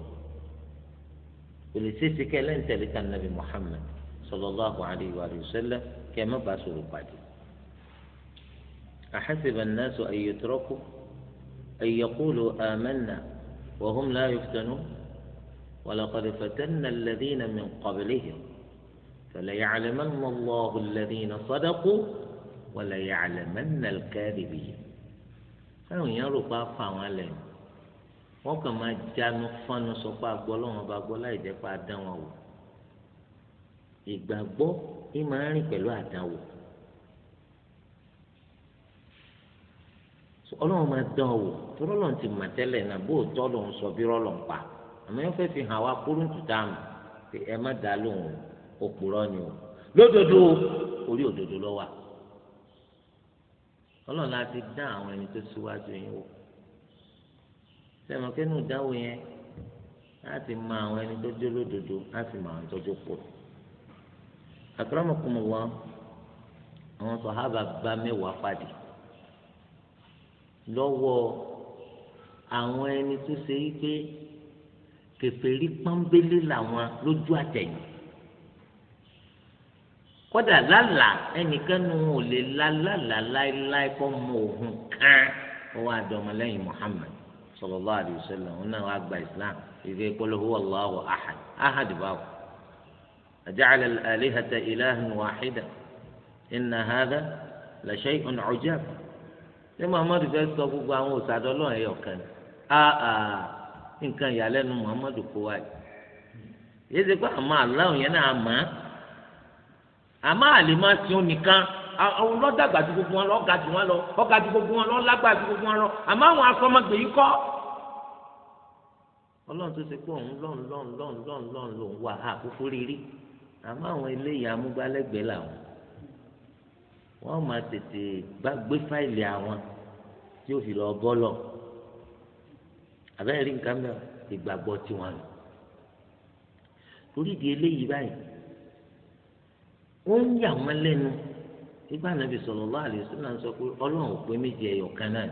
Speaker 1: kò lè ṣeéṣe kẹ́ lẹ́ńtẹ̀lẹ́ta nàbì Muhammad sallallahu alayhi wa sallam kẹ́ ẹ má bàa sọ̀rọ̀ pàdé. أحسب الناس أن يتركوا أن يقولوا آمنا وهم لا يفتنون ولقد فتنا الذين من قبلهم فليعلمن الله الذين صدقوا وليعلمن الكاذبين kanu yẹn rò pa fa wọn lẹ wọn kàn máa já nu fanu sọ pa gbọ lọwọn ba gbọ láì jẹ ọlọ́run máa dán ọ wò tọ́lọ́ lọ́n ti mà tẹ́lẹ̀ náà bó tọ́ lòun sọ bí rọ́lọ́ ń pa àmọ́ yóò fẹ́ fi hàn wá kúrú tuta mi pé ẹ má dá lóhùn òpùrọ́ ni o lódodo orí òdodo lọ wà ọlọ́run láti dán àwọn ẹni tó síwájú yín wò sẹ́mi kẹ́nu ìdáwó yẹn láti mọ àwọn ẹni tó dé lódodo láti mọ àwọn tọ́jú pọ̀ àkàrà ọmọkùnrin wọn àwọn sọ̀hábà bá mẹ́wàá pàdé lọ́wọ́ àwọn ẹni tó ṣe yí pé kèfèrí pọ́nbélé làwọn lójú àtẹ̀yìn kódà lálà ẹnìkan nu ò lè lálàlà láéláé kọ́ mọ òògùn kan ọwọ́ àdọ́mọlẹ́yìn Muhammad sallallahu alaihi wasallam òun náà wàá gba Islam ìgbé polówó Allahu ahad ahad báwo aja'ala al-alihata ilahan wahida inna hadha la shay'un 'ujab ṣé muhammadu fẹ́ sọ gbogbo àwọn òsàdọ́lọ́ ẹ̀yọ̀ kan ni nǹkan ìyàlẹ́nu muhammadu kó wáyé yìí ṣe pé àmọ́ aláwọ̀ yẹn náà àmọ́ àmọ́ àlè máa ṣe òun nìkan àwọn lọ́dàgbà ju gbogbo wọn lọ ọ̀gá ju wọn lọ ọ̀gá ju gbogbo wọn lọ lágbà ju gbogbo wọn lọ àmọ́ àwọn afọmọgbè yìí kọ́ ọlọ́run tó ṣe pé òun lọ́n lọ́n lọ́n lọ́n lọ́n lòun wà á kúkú rírí àmọ́ àwọn eléyìí amúgbálẹ́gbẹ̀ẹ́ làwọn wọ́n máa tètè gbàgbé fáìlì àwọn tí o. fi lọ bọ́lọ̀ àbẹ́rẹ́ rí nǹkan náà ìgbàgbọ́ di eléyìí báyìí ń yà wọ́n lẹ́nu nígbà sọ pé ọlọ́run pé méjì kan náà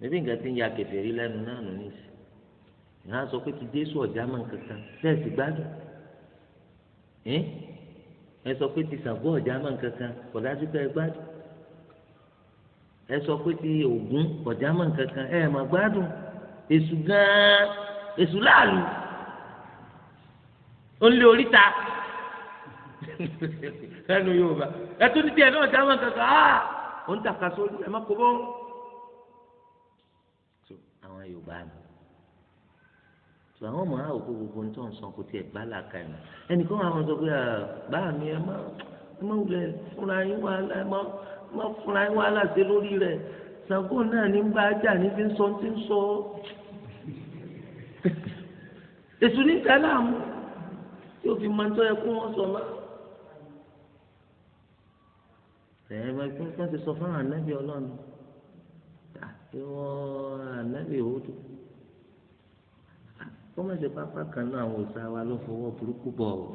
Speaker 1: ni níbi nǹkan ń ya kèfèrí lẹ́nu náà nù ìhà sọ pé ti ọ̀já sẹ́ẹ̀sì gbádùn ẹ sọ pé ti ọ̀já kọ̀dájú ẹ sọ pé ti ògún ọ̀já mọ̀ kankan ẹ mà gbádùn èṣù gan-an èṣù láàlú ó lé oríta [laughs] ẹnu yóò bá ẹ tún ní tiẹ̀ náà ọ̀já mọ̀ kankan ah! áà ó ń tàka sórí ẹ má kó bọ́ àwọn Yorùbá ni tò àwọn ọmọ àwọn òkú gbogbo ní tó ń sàn kó tiẹ̀ gbá làákà ẹ̀ ẹnì kan àwọn sọ pé báà mi ẹ má ẹ má wulẹ̀ fúnra yín wà á wọn fúnra wọn aláṣẹ lórí rẹ̀ Ṣàngó náà ní bá ajá ní fi ń sọ ti ń sọ èṣù ní tẹ́lá mú tí òfin máa ń tọ́ ẹ kó wọn sọ náà ẹ̀yìn bá gbé ká ti sọ fún ànábì ọlọ́run àti wọn ànábì òwúdù kó má ṣe pápá kan náà àwọn òòṣà wa ló fọwọ́ burúkú bọ̀ ọ́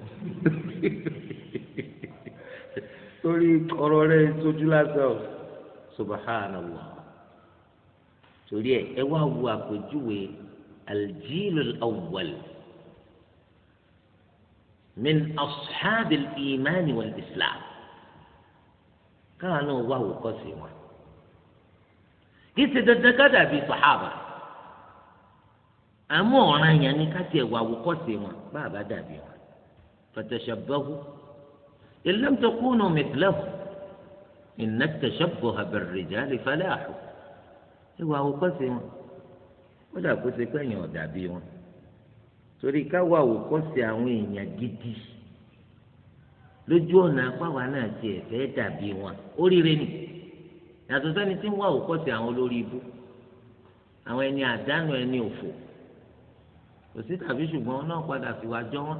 Speaker 1: torí ọ̀rọ̀ rẹ tójú lásán o subhanallah torí ẹ ẹ wá wo àpèjúwe aljilul awwal min ashabil imani wal islam káwọn náà wá àwòkọ́ṣe wọn kì í ṣe dandan ká dàbí sàhábà àmọ́ ọ̀ràn yẹn ni ká tiẹ̀ wá àwòkọ́ṣe wọn bá a bá dàbí wọn fatashabbahu. إن لم تكونوا مثله إن التشبه بالرجال فلاح ìwà àwòkọ́ṣe wọn ó dà kó ṣe pé èèyàn ọ̀dà bí wọn torí ká wà àwòkọ́ṣe àwọn èèyàn gidi lójú ọ̀nà apáwa náà ti ẹ̀fẹ́ dàbí wọn oríire nì yàtọ̀ sẹ́ni tí ń wà àwòkọ́ṣe àwọn olórí ibú àwọn ẹni àdánù ẹni òfò kò sí tàbí ṣùgbọ́n náà padà fi wá jọ wọn.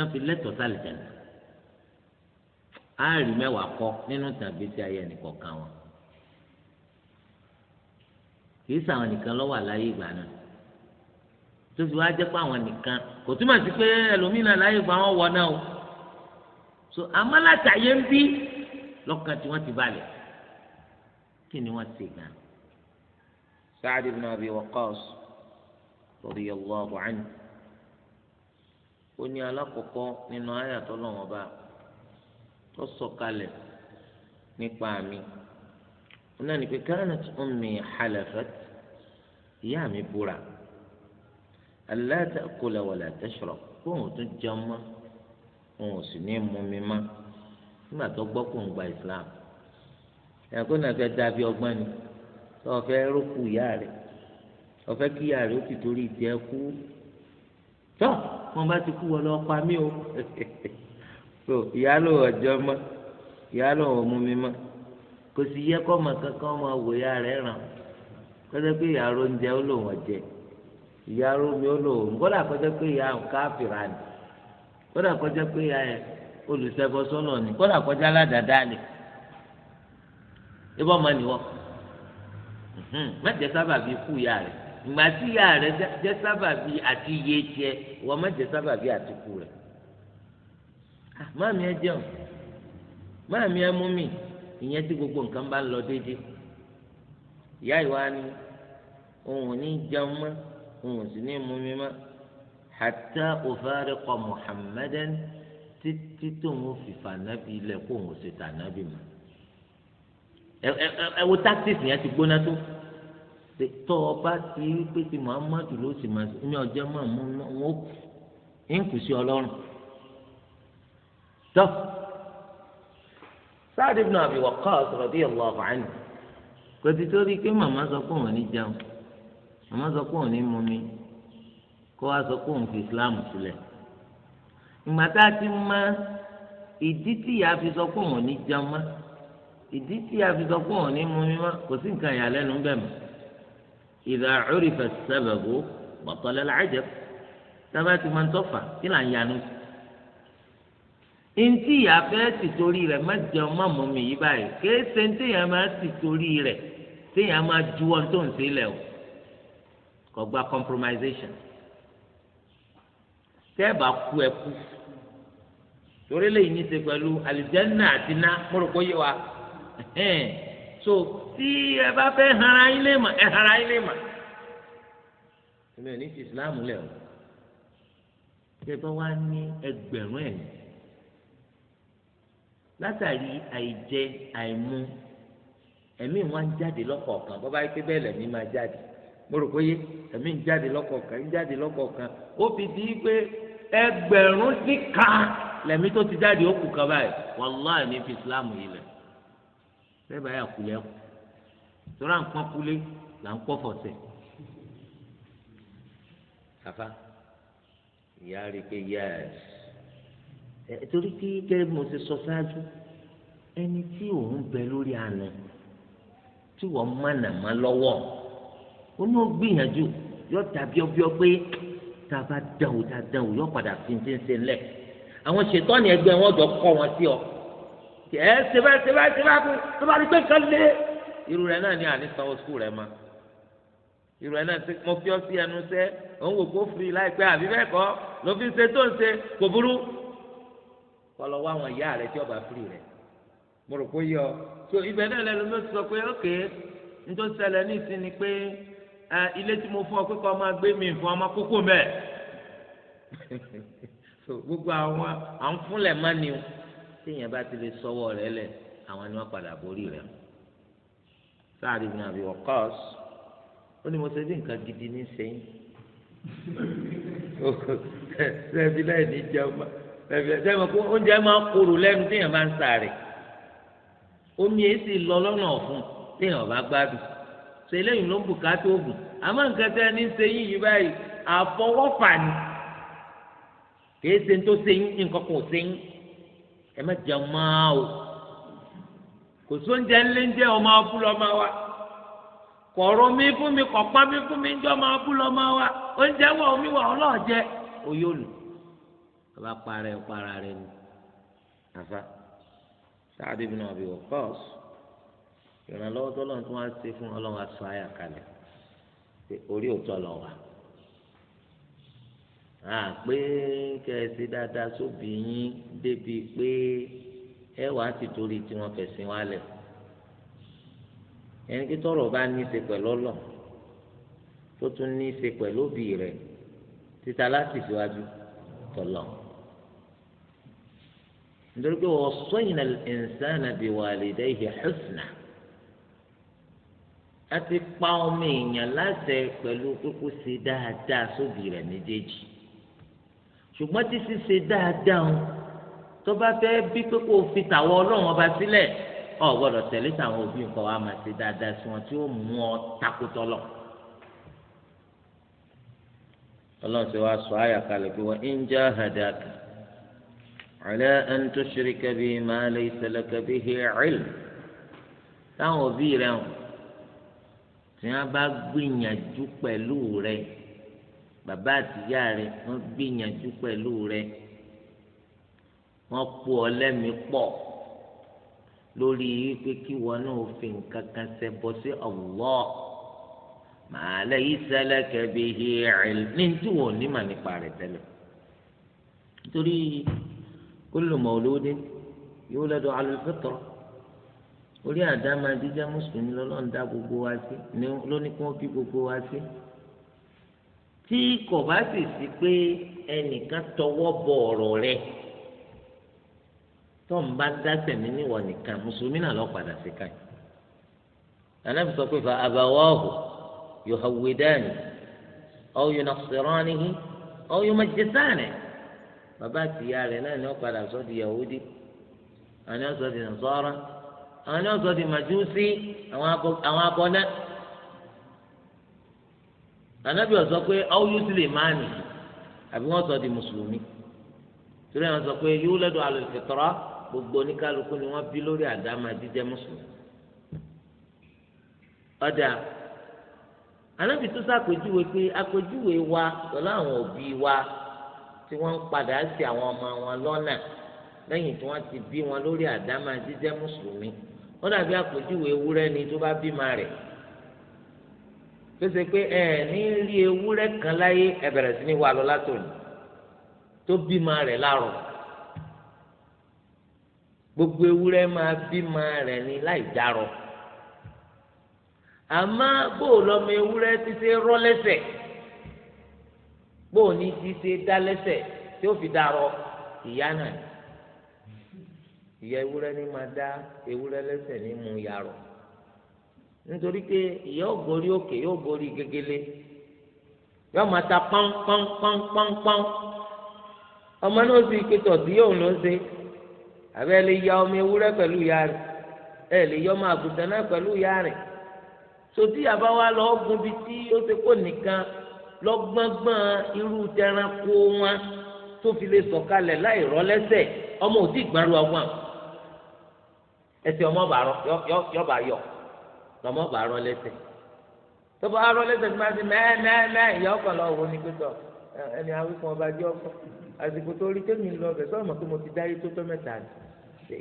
Speaker 1: tán fi lẹ́tọ̀ọ́ sálẹ̀ jẹ̀nà áàrí mẹ́wàá kọ́ nínú tàbí tí ayé ẹnìkan kan wọn kì í sàwọn nìkan lọ́wọ́ àláyé ìgbà náà tó fi wá jẹ́ pé àwọn nìkan kò túmọ̀ sí pé ẹlòmíràn láyé ìgbà wọn wọ náà o so àmọ́ látàyé ń bí lọ́kàn tí wọ́n ti balẹ̀ kí ni wọ́n ti gan. Sa'd ibn Abi Waqqas radiyallahu anhu ó ní alákọ̀ọ́kọ́ nínú àyà tó lọ́wọ́ bá tó sọ̀kalẹ̀ nípa mi ó náà ní pé kanat ummi halafat ìyá mi búra alla ta'kula wala tashrab kóun tún jẹun mọ́ òun ò sì ní mú mi mọ́ nígbà tó gbọ́ kóun gba islam ẹ̀kọ́ náà fẹ́ dàbí ọgbọ́n ni tó fẹ́ rókù ìyá rẹ̀ ọ̀fẹ́ kíyà rẹ̀ ó ti torí ìdí ẹ kú tó wọn bá ti kú wọn lọ pa mí o [laughs] so ìyálò ọjọ́ mọ́ ìyálò ọmú mi mọ́ kò sì yẹ kọ́ ọmọ kankan ọmọ wòyà rẹ̀ ràn kọ́jọ́ pé ìyá oúnjẹ ó lò wọ́n jẹ ìyá omi ó lò wọ́n kọ́dà kọ́jọ́ pé ìyá káfíra ni kọ́dà kọ́jọ́ pé ìyá yẹn olùsẹ́gbọ́ sọ́nà ni kọ́dà kọjá aládàáda ni ibà ọmọ nìwọ mẹ́tẹ̀ẹ́ sábà bíi kú ìyá rẹ̀ ìgbà tí ìyá rẹ jẹ́ sábàbí àti iye tiẹ̀ wọ́n má jẹ́ sábàbí àtìkù rẹ̀ ah, máàmí ẹ jẹun máàmí ẹ mú mi ìyẹn tí gbogbo nǹkan bá ń lọ déédéé ìyá ìwà ni òun ò ní jẹun mọ́ òun ò sì ní mú mi mọ́ hatta ufariqa Muhammadan títí tóun fi fànábì ilẹ̀ kóun ò sì tànábì mọ́ ẹ ẹ ẹ wo táktíìsì yẹn ti gbóná tó tọ́ ọ bá ti rí pé ti muhammadu ló sì máa ní ọjọ́ máa mú wọn kù ń kù sí ọlọ́run tọ́ Sa'd ibn Abi Waqqas radiyallahu anhu kò ti tó rí i pé màmá sọ pé òun ní jẹun màmá sọ pé òun ní mu mi kó wá sọ pé òun fi islam sílẹ̀ ìgbà tá a ti máa ìdí tí ìyá fi sọ pé òun ní jẹun mọ́ ìdí tí ìyá fi sọ pé òun ní mu mi mọ́ kò sí nǹkan ìyàlẹ́nu bẹ́ẹ̀ mọ́ idha urifa as-sababu batala al-ajab tábà tí máa ń tọ́fà kí là ń yanu sí. ntí ìyá fẹ́ ti torí rẹ̀ má jẹun má mọ̀ mí yí báyìí kéésì ntí ìyá máa ti torí rẹ̀ tí ìyá máa juwọ́ tó ń sílẹ̀ o kò gba compromisation tẹ́ẹ̀bà kú ẹ kú torí lè ní í ṣe pẹ̀lú àlìjẹ́nà àti ná mo yé wa so tí ẹ bá fẹ́ hara yín lè mà ẹ hara yín lè mà ìlú ẹ̀ ti islam lẹ̀ o ṣé bá wá ní ẹgbẹ̀rún ẹ̀ látàrí àìjẹ àìmu ẹ̀mí wọn jáde lọ́kọ̀ọ̀kan bọ́ bá pé bẹ́ẹ̀ lẹ̀mí máa jáde mo rò pé ẹ̀mí ń jáde lọ́kọ̀ọ̀kan ń jáde lọ́kọ̀ọ̀kan ó fi di pé ẹgbẹ̀rún sí kan tó ti jáde ó kù kan báyìí wàláì ní fi islam yìí lẹ̀ sẹ́bàá yà kulẹ̀ kù tóra nǹkan kulé là ń kọ́ fọ̀sẹ̀ kàfá ìyá rí i pé yẹ́ẹ̀sì torí pé gẹ́gẹ́ mo ti sọ ṣáájú ẹni tí òun bẹ lórí àná tí wọ́n mánàmá lọ́wọ́ ó ní ó gbìyànjú yọ tàbí ọbí ọ pé tá a bá dán o a dán o yọ padà fi ń ṣe ń ṣe lẹ̀ àwọn ṣètọ́ni ẹgbẹ́ wọn jọ kọ́ wọn sí ọ ẹ ṣẹbẹ ṣẹbẹ ṣẹbẹ kú tó bá rí pé nǹkan lé irú rẹ náà ni àní sanwó sukù rẹ ma irú rẹ náà mo fi ọ sí ẹnu sẹ òun wò kó firi láìpẹ́ àbí bẹ́ẹ̀ kọ́ ló fi ṣe tó ń ṣe kò burú kọlọ wá àwọn ìyá rẹ tí ọba firi rẹ mo rò pé yọ so ibẹ̀ náà lẹnu mi sọ pé ókè nítorí ṣẹlẹ̀ ní ìsìn ni pé ilé tí mo fún ọ pé kọ́ máa gbé mi fún ọmọ kókó mẹ́ẹ̀ [laughs] so gbogbo àwọn à ń fúnlẹ̀ mọ́ni o téèyàn bá ti lè sọwọ́ rẹ̀ lẹ̀ àwọn ni wọ́n padà borí rẹ̀ Sa'd ibn Abi Waqqas ó ní mo ṣe bí nǹkan gidi ní sẹ́yìn lẹ́bi [laughs] láì ní jẹun bá lẹ́bi láì mọ̀ pé oúnjẹ máa ń korò lẹ́nu téèyàn bá ń sàárẹ̀ omi èyí sì lọ lọ́nà ọ̀fun téèyàn bá gbádùn ṣe eléyìí ló ń bùkátà oògùn àmọ́ nǹkan tẹ́ ní sẹ́yìn yìí báyìí àfọwọ́fà ni kì í ṣe tó sẹ́yìn nǹkan kò sẹ́yìn ẹ má jẹun máa o kò sóúnjẹ ńlẹ́ńjẹ ọmọ abúlọ́ máa wá kọ̀ọ̀rọ̀ mi fún mi kọ̀pá mi fún mi ńjọ́ máa bú lọ́mọ wa oúnjẹ wà omi wà ọlọ́ọ̀jẹ oyólu bàbá parẹ́ para rẹ ni àfa sáàdì bí náà bí wọ kọ́ọ̀sì ìrànlọ́wọ́ tó lọ́n tó wá ṣe fún ọlọ́run aṣọ àyà orí òótọ́ lọ wà à pé kẹsì dáadáa sóbì yín débi pé ẹ wà á ti torí tí wọn fẹsìn wá lẹ ẹni kí tọ̀rọ̀ bá ní í ṣe pẹ̀lú ọlọ tó tún ní í ṣe pẹ̀lú òbí rẹ títa láti síwájú tọlọ nítorí pé wọ́n sọ́yìn al-insana bi walidayhi husna a ti pa ọmọ èèyàn láṣẹ pẹ̀lú kókó ṣe dáadáa sóbì rẹ méjèèjì ṣùgbọ́n tí ṣíṣe dáadáa ń tó bá fẹ́ bí pé kó o fi tàwọn ọlọ́run ọba sílẹ̀ o gbọ́dọ̀ tẹ̀lé tàwọn òbí nǹkan wa máa ṣe dáadáa sí wọn tí ó mú ọ takótọ́ lọ. ọlọ́run ṣe wá sọ àyà kalẹ̀ pé wa in jahadaka ala an tushrika bi ma laysa laka bihi ilm táwọn òbí rẹ̀ hàn tí wọ́n bá gbìyànjú pẹ̀lú rẹ̀ bàbá àtìyá rẹ wọ́n gbìyànjú pẹ̀lú rẹ wọ́n pò ọ́ lẹ́mìí pọ̀ lórí wípé kí wọn náà fi nǹkan kan ṣẹbọ sí Allah màá lẹ́yìn sẹ́lẹ̀ kẹ́bi hìrì ní tí wọn ò ní mà nípa rẹ̀ tẹ́lẹ̀ nítorí kullu mawludin yuladu ala al-fitra orí àdámá jíjẹ́ mùsùlùmí lọ́lọ́run gbogbo wa sí lóní kí wọ́n bí gbogbo wa sí. tí kò bá sì sí pé ẹnìkan tọwọ́ bọ ọ̀rọ̀ rẹ tó ń bá dáṣẹ̀ mí níwọ̀ nìkan mùsùlùmí náà lọ padà sí ká yìí anábì sọ pé fa abawahu yuhawwidani aw yunassiranihi aw yumajjisani bàbá àtìyá rẹ náà ni wọ́n padà sọ di yahudi àwọn ni di nasara àwọn ni di majusi àwọn anabi ọsọ pé aw yusulimani àbí wọn sọ di mùsùlùmí torí àwọn sọ pé yóò lẹdọ alẹ fìtọrọ gbogbo oníkálukú ni wọn bí lórí àdámà jíjẹ mùsùlùmí ọdà anabi tó sàpèjúwe pé àpèjúwe wa pẹ̀lú àwọn òbí wa tí wọn ń padà sí àwọn ọmọ wọn lọ́nà lẹ́yìn tí wọn ti bí wọn lórí àdámà jíjẹ mùsùlùmí ó dàbí àpèjúwe ewúrẹ́ ni tó bá bímọ rẹ̀ tó ṣe pé ẹ ní rí ewúrẹ́ kan láyé ẹ bẹ̀rẹ̀ sí ní wà lọ látòní tó bímọ rẹ̀ láàrọ̀ gbogbo ewúrẹ́ máa bímọ rẹ̀ ní láì jarọ àmọ́ bó lọ́mọ ewúrẹ́ ti ṣe rọ́ lẹ́sẹ̀ bó ní ti ṣe dá lẹ́sẹ̀ tí ó fi darọ ìyá náà ìyá ewúrẹ́ ní máa dá ewúrẹ́ lẹ́sẹ̀ ní mú yarọ̀ nítorí pé ìyá ò borí òkè yóò borí gegele yóò máa ta pọ́npọ́npọ́npọ́n ọmọ náà sì pétọ̀ bí òun ló ń ṣe lè ya ọmọ ewúrẹ́ pẹ̀lú ìyá rẹ̀ ẹ lè yọ ọmọ àgùntàn náà pẹ̀lú ìyá rẹ̀ sotí àbáwá lọ gun bíi tí ó ti kó nìkan lọ́gbọ́ngbọ́n irú tẹranko wọn tó fi lè sọ̀kalẹ̀ láì rọ́ lẹ́sẹ̀ ọmọ òdì ìgbàlú àwọn ẹsẹ̀ ọmọ bàárọ̀ yọ bá yọ. yọ, yọ, yọ, yọ, yọ, yọ, yọ lọmọ bá rọ lẹ́sẹ̀ tó bá rọ lẹ́sẹ̀ tó máa ti mẹẹ mẹẹ mẹẹ ìyá ọkọ lọ wọ ní pẹtọ ẹni awíkọ ọba jẹ ọkọ àsìkò tó rí tẹmí lọ bẹ sọmọ tó mo ti dá yé tó tọ mẹ́ta ni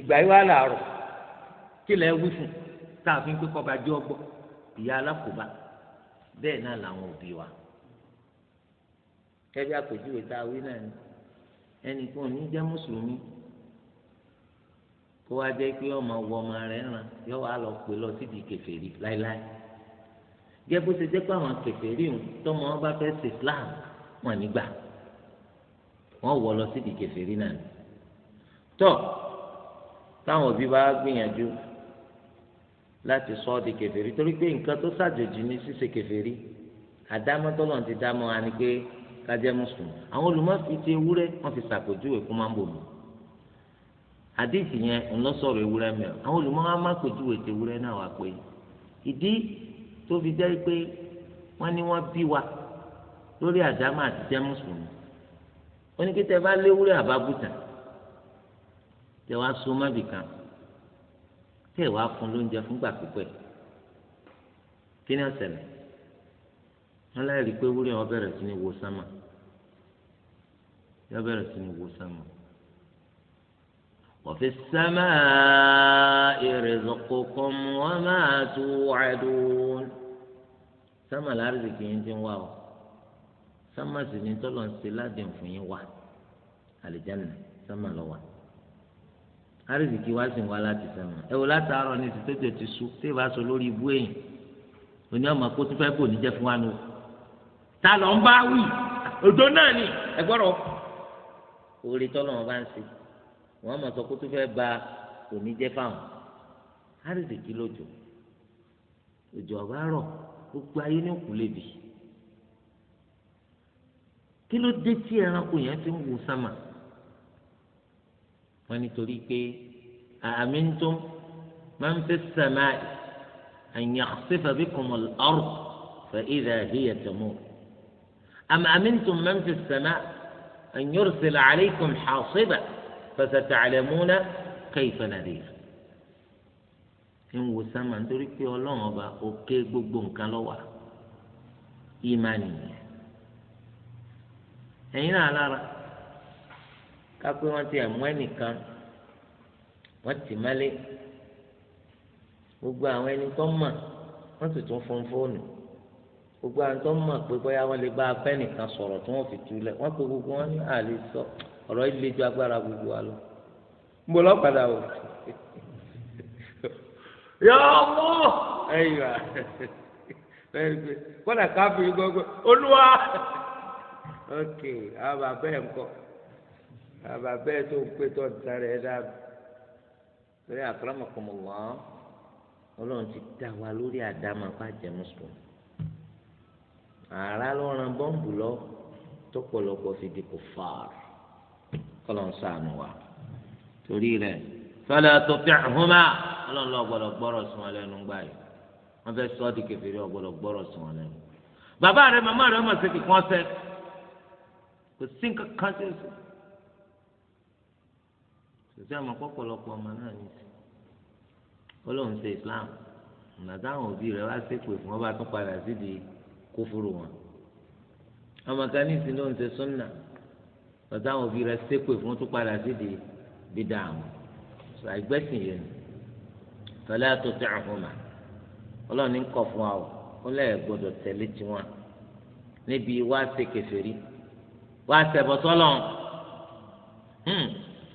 Speaker 1: ìgbà yìí wà láàrọ kí lẹ wí fún táàfin pé kọba jẹ ọgbọ ìyá alákòóbá bẹ́ẹ̀ náà làwọn òbí wa kẹbí àpèjúwe tá a wí náà ni ẹnì kan ò ní jẹ mùsùlùmí kó wá jẹ́ pé ọmọ wọ ọmọ rẹ̀ ràn yọ wá lọ pè lọ síbi kèfèrí láéláé gẹ́gẹ́ bó ṣe jẹ́ pé àwọn kèfèrí ń tọ́mọ wọn bá fẹ́ ṣe Islam wọn nígbà wọn wọ lọ síbi kèfèrí náà ni tọ́ táwọn òbí bá gbìyànjú láti sọ ọ́ di kèfèrí torí pé nǹkan tó ṣàjòjì ní ṣíṣe kèfèrí àdámọ́ tọ́lọ̀ ti dámọ́ wa ni pé kájẹ́ mùsùlùmí àwọn olùmọ̀ọ́sì ti ewúrẹ́ wọ́n fi ṣàpèjúwe fún máńbò mi àdéhìsì yẹn ńlọsọ̀rọ̀ ewúrẹ́ mi àwọn olùmọ́wá má pèjú ètò ewúrẹ́ náà wà pé ìdí tó fi jẹ́ pé wọ́n ní wọ́n bí wa lórí àdámà àti jẹ́ mùsùlùmí oníkẹ́tẹ́ bá léwúrẹ́ àbábùtà tẹ wá so mábì kan tẹ wá fún lóúnjẹ fúngbà pípẹ́ kí ni ọ̀sẹ̀lẹ̀ wọ́n láì rí i pé wúrẹ́ wọn sí ní wo sánmà yọ sí ní wo sánmà. وفي السماء رزقكم وما توعدون سما الأرزق ينتين واو سما سنين تلون سلاد فين وا الجنة سما لوا أرزق واسن ولا تسمى ẹ wò láti àárọ̀ ní ti tètè ti sùn tí ìbá sọ lórí ibú èyàn òní ọmọ kó tún fẹ́ bò ní jẹ́ fún wa nù. ta ló ń bá wì òjò náà ni ẹgbọ́rọ̀ orí tọ́lọ́mọ bá ń ṣe. wọ́n mọ̀ sọ kó tó fẹ́ ba òní jẹ́ fáwọn àrísìkí lójò òjò ọ̀bá rọ̀ gbogbo ayé ní òkú lébi kí ló dé tí ẹranko yẹn ti ń wo sámà wọn nítorí pé àmì ń a'amintum man fi as-sama'i an yakhsifa bí kòmọ ọrù fa idha hiya tamur am amintum man fi as-sama'i an yursila alaykum hasiba. فستعلمون كيف نذير ń wo sáma nítorí pé ọlọ́run ọba òkè gbogbo nǹkan lọ́wọ́ ìmà nìyẹn ẹ̀yin náà lára kápẹ́ wọ́n ti ẹ̀mú ẹnìkan wọ́n ti mọ́lé gbogbo àwọn ẹni tó mọ̀ wọ́n sì tún fún fóònù gbogbo àwọn tó mọ̀ pé bóyá wọ́n lè bá abẹ́nìkan sọ̀rọ̀ tí wọ́n fi túlẹ̀ wọ́n pe gbogbo wọn ní àlè sọ ọ̀rọ̀ yìí le ju agbára gbogbo wa lọ mo lọ padà o yọọ mọ ẹyìn wa kọ́nà káfíń gbogbo olúwa ok àwọn bàbá ẹ̀ ń kọ́ àwọn bàbá ẹ̀ tó ń pé tó ń darí ẹ̀ dáàbò lórí àkàràmọ̀kọ̀mọ̀ wọ́n ọlọ́run ti dá wa lórí àdámà bá jẹ́ mùsùlùmí ààrá ló ran bọ́ǹbù lọ tọ́pọ̀lọpọ̀ fi di kò fààrà kọlọ́n sànù wa torí rẹ̀ fẹlẹ tó fi hùmà ọlọ́run lọ gbọ́dọ̀ gbọ́rọ̀ sùn wọn lẹ́nu gbà yìí wọn fẹ́ sọ di kẹfìrí ọgbọ́dọ̀ gbọ́rọ̀ sùn wọn lẹ́nu bàbá rẹ̀ màmá rẹ̀ ọmọ sẹkì kan sẹ kò sí nǹkan kan sí ẹsẹ sọsẹ àmọ́ pọpọlọpọ ọmọ náà ní sí ọlọ́run ṣe islam ìgbà táwọn òbí rẹ̀ wá ṣépè fún wọn bá padà sídìí kófóró wọn ọmọ kan ní ìsìn ló ń ṣe súnà bàtà àwọn òbí rẹ ṣépè fún tó padà sídi dídá àwọn àìgbẹ́sìn yẹn tọ́lá tó tẹ̀ àfọ̀mà ọlọ́run ní kọ̀ fún wa o ó lẹ́yìn gbọ́dọ̀ tẹ̀lé tiwọn níbi wá ṣe kèfèrí wá ṣẹ̀bọ̀ sọ́lọ̀ hmm,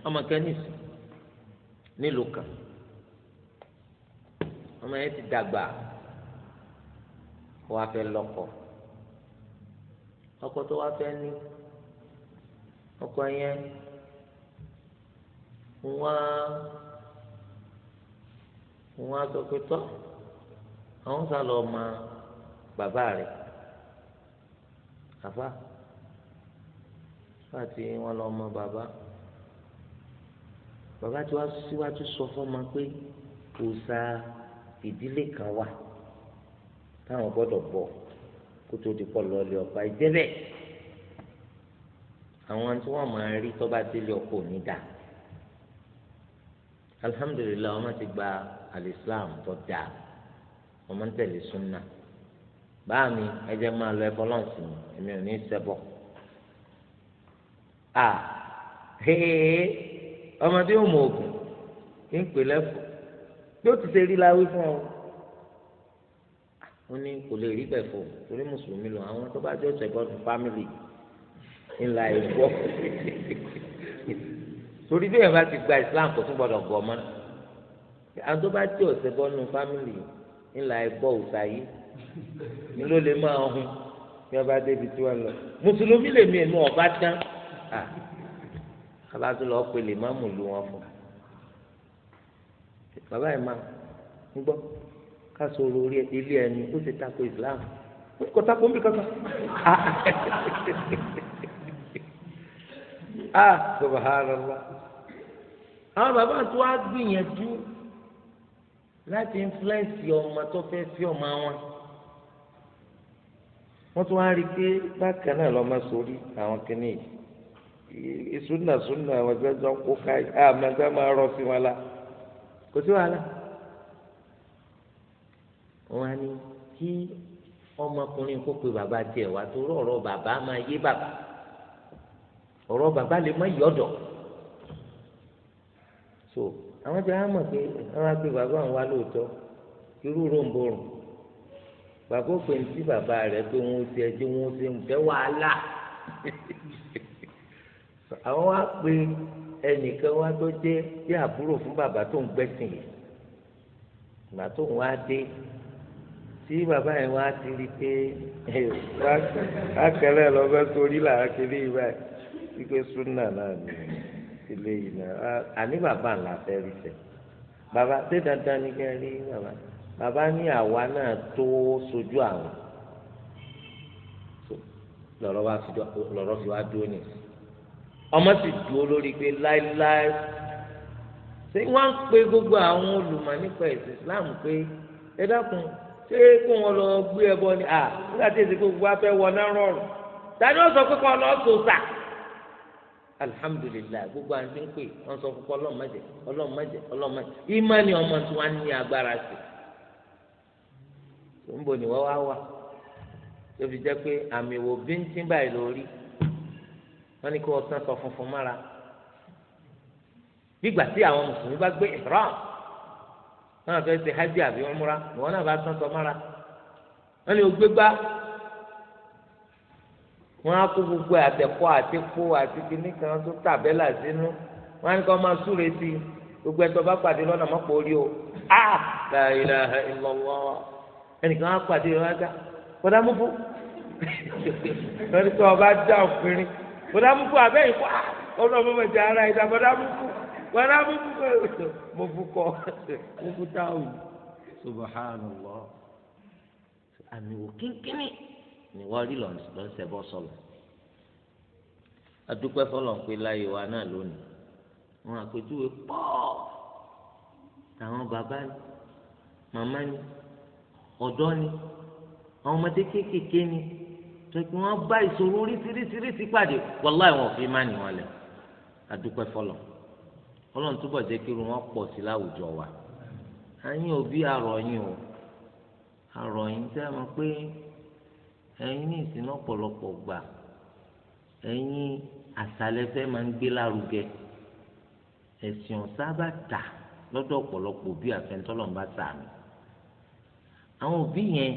Speaker 1: ọmọ kẹ́nìsì nílùú kan ọmọ yẹn ti dàgbà wọ́n á fẹ́ lọ́kọ ọkọ tó wá fẹ́ ní ọkọ yẹn wọn wọn sọ pé tọ àwọn sá lọ ma bàbá rẹ àfa láti wọn lọ mọ bàbá bàbá tí wàá síwájú sọ fún ọmọ pé òòṣà ìdílé kan wà táwọn gbọ́dọ̀ bọ kó tó di pọ lọlẹ ọpa ìjẹbẹ àwọn tí wọ́n máa rí tó bá délé ọkọ ní dà alihamudulilayi ọmọ ti gba alislam tó dà ọmọ ń tẹ̀lé súnà báà mi ẹjẹ máa lọ ẹbọ lọ́n sí mi èmi ò ní í ṣẹbọ à hee ọmọdé ò mọ ògùn kí n pè lẹ́fọ̀ bí ó ti ṣe rí láwí fún ọ ó ní kò lè rí bẹ̀ fò torí mùsùlùmí lọ àwọn tó bá jọ ṣẹbọ ní fámìlì yìí ńlá ìgbọ́ torí bí ẹ̀fà ti gba Islam kò tún gbọdọ̀ gọ̀ mọ́ àwọn tó bá tí ọ̀sẹ̀ bọ́nu fámìlì ńlá ìgbọ́ òòsà yìí
Speaker 2: ni ló lè máa hun
Speaker 1: bí wọ́n bá débi tí wọ́n lọ mùsùlùmí lè mi ẹ̀nu ọ̀bá dán abájú lọ pe lè má mú lu wọn fún bàbá ẹ̀ máa ń gbọ́ ká sọ orí ilé ẹni ó ti tako Islam kò tako ń bí kankan. [laughs] a ah, subhanallah àwọn bàbá tó wá gbìyànjú láti influence ọmọ tó fẹ́ fi ọmọ wọn wọ́n tún wá rí i pé bákan náà lọ́mọ sórí àwọn kìnnìún ìsúnà súnà àwọn ẹgbẹ́ tó ń kó káyì ah, àmọ́ ẹgbẹ́ máa rọ sí wọn la kò sí wàhálà. wọ́n á ní kí ọmọkùnrin kó pe bàbá tiẹ̀ wá tó rọ̀rọ̀ bàbá máa yé bàbá ọ̀rọ̀ bàbá lè má yọ̀dọ̀ so àwọn tí wọ́n mọ̀ pé wọ́n á gbé bàbá wọn wá lóòótọ́ irú ròǹbòrùn bàbá òpè ní tí bàbá rẹ̀ pé wọ́n ó ṣe ẹjọ́ wọ́n ó ṣe ń fẹ́ wàhálà [laughs] àwọn wá pé ẹnìkan wá tó dé bí àbúrò fún bàbá tó ń gbẹ́sìn yìí ìgbà tó ń wá dé tí bàbá yẹn wá ti rí i pé akẹlẹ lọ fẹ́ sórí làákiri báyìí wípé súnà náà ni ilé yìí náà àní bàbá ńlá fẹ́ rí sẹ́ bàbá ṣé dandan ni kẹ́ rí bàbá bàbá ní àwa náà tó sojú àwọn lọ́rọ́ fi wá dúró nìyí ọmọ sì dúró lórí pé láéláé ṣé wọ́n ń pe gbogbo àwọn olùmọ̀ nípa ẹ̀sìn Islam pé ẹ dákun ṣé kó wọn lọ gbé ẹbọ ni à nígbà tí èsì gbogbo wa fẹ́ wọ náà rọrùn tani ó sọ pé kó wọn lọ sòsà alihamudulilayi gbogbo àwọn tí ń pè wọn sọ fún ọlọ́mọdé ọlọ́mọdé ọlọ́mọdé ìmánì ọmọ tí wọ́n á ní agbára sí tó ń bò ní wọ́n wá wà tó fi jẹ́ pé àmì wò bíntín báyìí lórí wọ́n ní kí wọ́n sán sọ funfun mára gbígbà tí àwọn mùsùlùmí bá gbé ìrọ́m wọn àfẹ́ ṣe hajj àbí umrah ni wọn náà bá sán sọ mára wọn ni ó gbégbá wọn á kó gbogbo àtẹkọ àtẹkọ àti kìnnì kan tó tàbẹ́là sínú wọn á ní kó máa súre sí i gbogbo ẹtọ bá pàdé lọ́nà mọ́ pọ̀ orí o a la ilaha illallah ẹnìkan á pàdé lọ́nà dá kódà múkú lọ́nà tó ọba dá òfinrin kódà múkú abẹ́yìn kó a ọ̀nà ọmọ mẹ́ta ara ẹ̀dá kódà múkú kódà múkú mo fún kọ́ mo fún táwọn subhanallah àmì wò kínkínní ni wọ́n rí lọ́sẹ̀ bọ́ sọ̀lọ̀ adúpẹ́ fọlọ́ ń pe láyé wa náà lónìí wọn àpèjúwe pọ̀ táwọn bàbá ni màmá ni ọ̀dọ́ ni àwọn ọmọdé kéékèèké ni tẹ̀kí wọ́n bá ìṣòro oríṣiríṣiríṣi pàdé wàláì wọn fi má nì wọn lẹ̀ adúpẹ́ fọlọ́ ọlọ́run túbọ̀ jẹ́ kí wọn pọ̀ sí láwùjọ wa àyìn òbí àròyìn o àròyìn tẹ́ ẹ mọ̀ pé ẹ̀yin ní ìsìn ọ̀pọ̀lọpọ̀ gbà ẹ̀yin àṣàlẹ́fẹ́ máa ń gbé lárugẹ ẹ̀sìn ọ̀sá bá tà lọ́dọ̀ ọ̀pọ̀lọpọ̀ òbí àfẹnutọ́lọ̀ ń bá tà mí àwọn òbí yẹn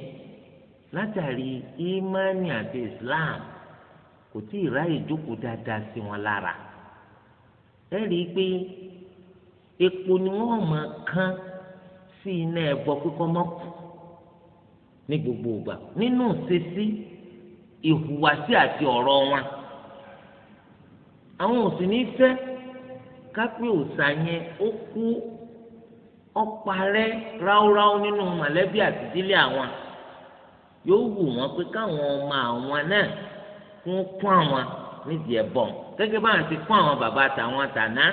Speaker 1: látàrí ìmánì àti Islam kò tí ì ráyè jókòó dáadáa sí wọn lára ẹ rí i pé epo ni wọ́n máa kán sí iná ẹbọ kíkọ mọ kù ní gbogbo ìgbà nínú ṣesí ìhùwàsí àti ọ̀rọ̀ wọn àwọn ò sì ní fẹ́ kápẹ́ òòsà yẹn ó kú ọparẹ́ ráúráú nínú mọ̀lẹ́bí àtìdílé àwọn yóò wù wọ́n pé káwọn ọmọ àwọn náà kún kún àwọn nídìí ẹ̀bọ̀ gẹ́gẹ́ báwọn ti kún àwọn bàbá àtàwọn àtàná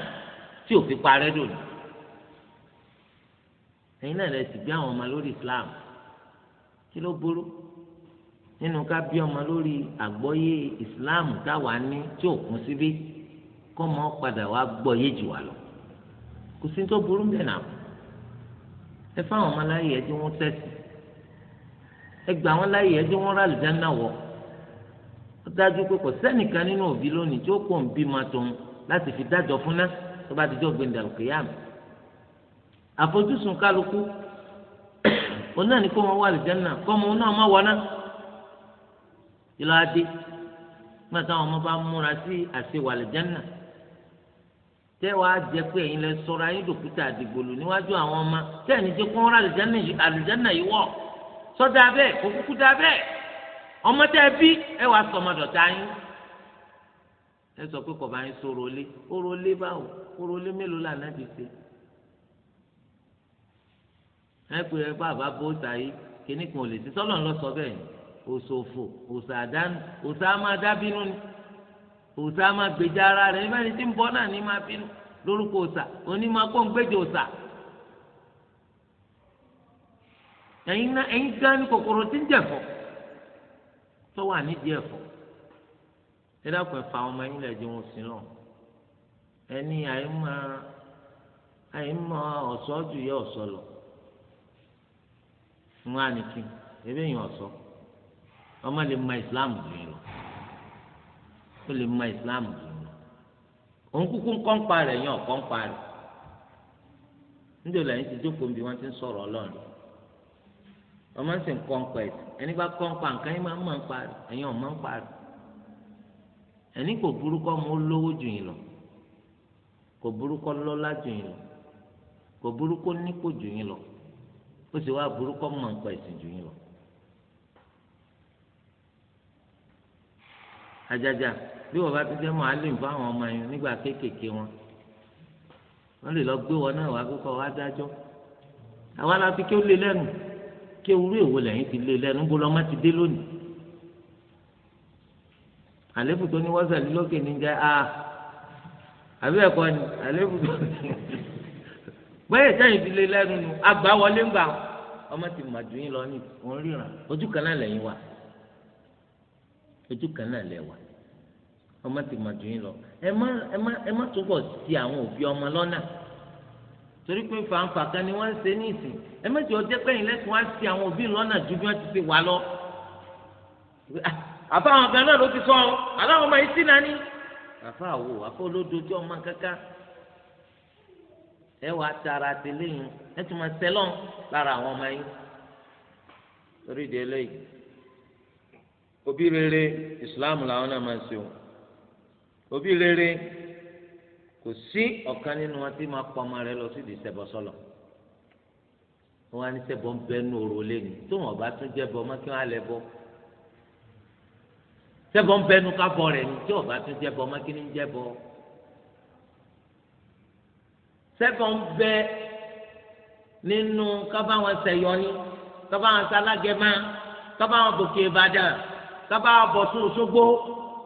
Speaker 1: tí ò fi parẹ́ dòdò ẹ̀yin náà lè sì gbé àwọn ọmọ lórí Islam kí ló burú nínú ká bí ọmọ lórí àgbọ́yé islam táwa ní tí ò kún síbí kọ́ mọ́ padà wá gbọ́yé jù wá lọ kò sí tó burú bẹ́ẹ̀ náà ẹ fáwọn ọmọ láyé ẹ tí wọ́n tẹ̀sí ẹ gbà wọ́n láyé ẹ tí wọ́n rà lùdáná wọ̀ ó dájú pé kò sẹ́nìkan nínú òbí lónìí tí ó pọ̀ ń bímọ tóun láti fi dájọ́ fún ná tó bá ti jọ́ gbẹ̀ndàlùkìyàmù àfojúsùn kálukú òun náà ní kó wọn wà àlùjánnà kọ́mọ òun náà má wọná ìlọ adé nígbà táwọn ọmọ bá múra sí àṣewà àlùjánnà tẹ wàá jẹ pé ẹ̀yin lẹ sọra yín dòkúta àdìgbòlù níwájú àwọn ọmọ tẹ ní jẹ kó wọn rà àlùjánnà yìí wọ sọdọ abẹ òkúkú dá bẹ́ẹ̀ ọmọ tẹ bí ẹ wàá sọ ọmọdọ tá yín ẹ sọ pé kọba yín sọ̀rọ̀ lé ọ̀rọ̀ lé báwo ọ̀rọ̀ lé mélòó là ti ṣe ẹ pé ẹ bá bá bó ta yìí kíní kan ò lè ti sọ́lọ̀ ńlọ sọ bẹ́ẹ̀ ni òṣòfò òṣàdánù òṣàmádábínú ni òṣàmágbèjà ara rẹ̀ níbẹ̀ ni tí ń bọ́ náà ní máa bínú lórúkọ òṣà onímọ̀kóńgbèjì òṣà. ẹ̀yin náà ẹ̀yin gan ni kòkòrò ti ń jẹ̀fọ́ tó wà nídìí ẹ̀fọ́ ẹ dákun ẹ̀fà ọmọ ẹ̀yin lẹ́jọ́ wọn sí lọ ẹni àìmọ̀ àìmọ̀ ọ̀ṣọ́ ju yẹ ọ̀ṣọ́ lọ ń wá nìkí ebe yìí ọ̀sọ́ ọmọ lè ma islam dùn yìí lọ ó lè ma islam dùn yìí lọ òun kúkú ń kọ́ńpa rẹ̀ yẹn ọ̀kọ́ńpa rẹ̀ níjọ́ lẹ́yìn ti jókòó níbi wọ́n ti ń sọ̀rọ̀ ọlọ́run ọmọ ń sìn kọ́ńpa ẹ̀ ẹni bá kọ́ńpa nǹkan yín máa ń máa ń pa rẹ̀ ẹ̀yin ọ̀ máa ń pa rẹ̀ ẹni kò burúkọ mọ olówó jù yín lọ kò burúkọ lọ́lá jù yín lọ kò burúkọ nípò jù yín lọ ó sì wá burúkọ mọ̀ nípa ẹ̀sìn jù yín lọ. àjàjà bí wọ́n bá ti jẹ́ mọ̀álìm fáwọn ọmọ yẹn nígbà kéékèèké wọn wọ́n lè lọ gbé wọn náà wá kókó wá dájọ́ àwa la fi kí ó lé lẹ́nu kí ewúrẹ́ èwo lẹ́yìn ti lé lẹ́nu bó lọ́mọ ti dé lónìí àléébù tó ní wọ́sàlí lókè ní jẹ́ a ah, àbí ẹ̀kọ́ ni àléébù tó ní. wẹ́ẹ̀ sẹ́yìn fi lé lẹ́nu nù àgbà wọlé ń gbà ti màdùn yín lọ ní òun ojú kan náà lẹ́yìn wa ojú kan ti màdùn yín lọ ẹ má ẹ má ẹ má túbọ̀ sí àwọn òbí ọmọ lọ́nà torí pé fàǹfà kan ni wọ́n ń ṣe ní ìsìn ẹ méjì ọjọ́ pẹ́yìn lẹ́sìn wá sí àwọn òbí lọ́nà ju bí wọ́n ti ṣe wà lọ àfa àwọn ti sọ ọmọ yìí sí ẹ wàá tara tẹlẹyìn ẹ tún máa sẹlọ lára àwọn ọmọ yín lórí ìdí eléyìí òbí rere islam làwọn náà máa ń ṣe o òbí rere kò sí ọ̀kan nínú wọn tí máa pọmọ rẹ lọ sídìí ṣẹbọ sọlọ wọn á ní ṣẹbọ ń bẹ nù òrò lẹni tó wọn bá tún jẹ bọ mọ kí wọn á lẹ bọ ṣẹbọ ń bẹ nù kábọ rẹ ni tí wọn bá tún jẹ bọ mọ kí ni ń jẹ sẹ́kọ̀ ń bẹ nínú kábà wọn sẹ̀yọ ni kábà wọn sálágẹ́má kábà wọn bòkè ìbàdàn kábà wọn bọ̀tún òṣogbo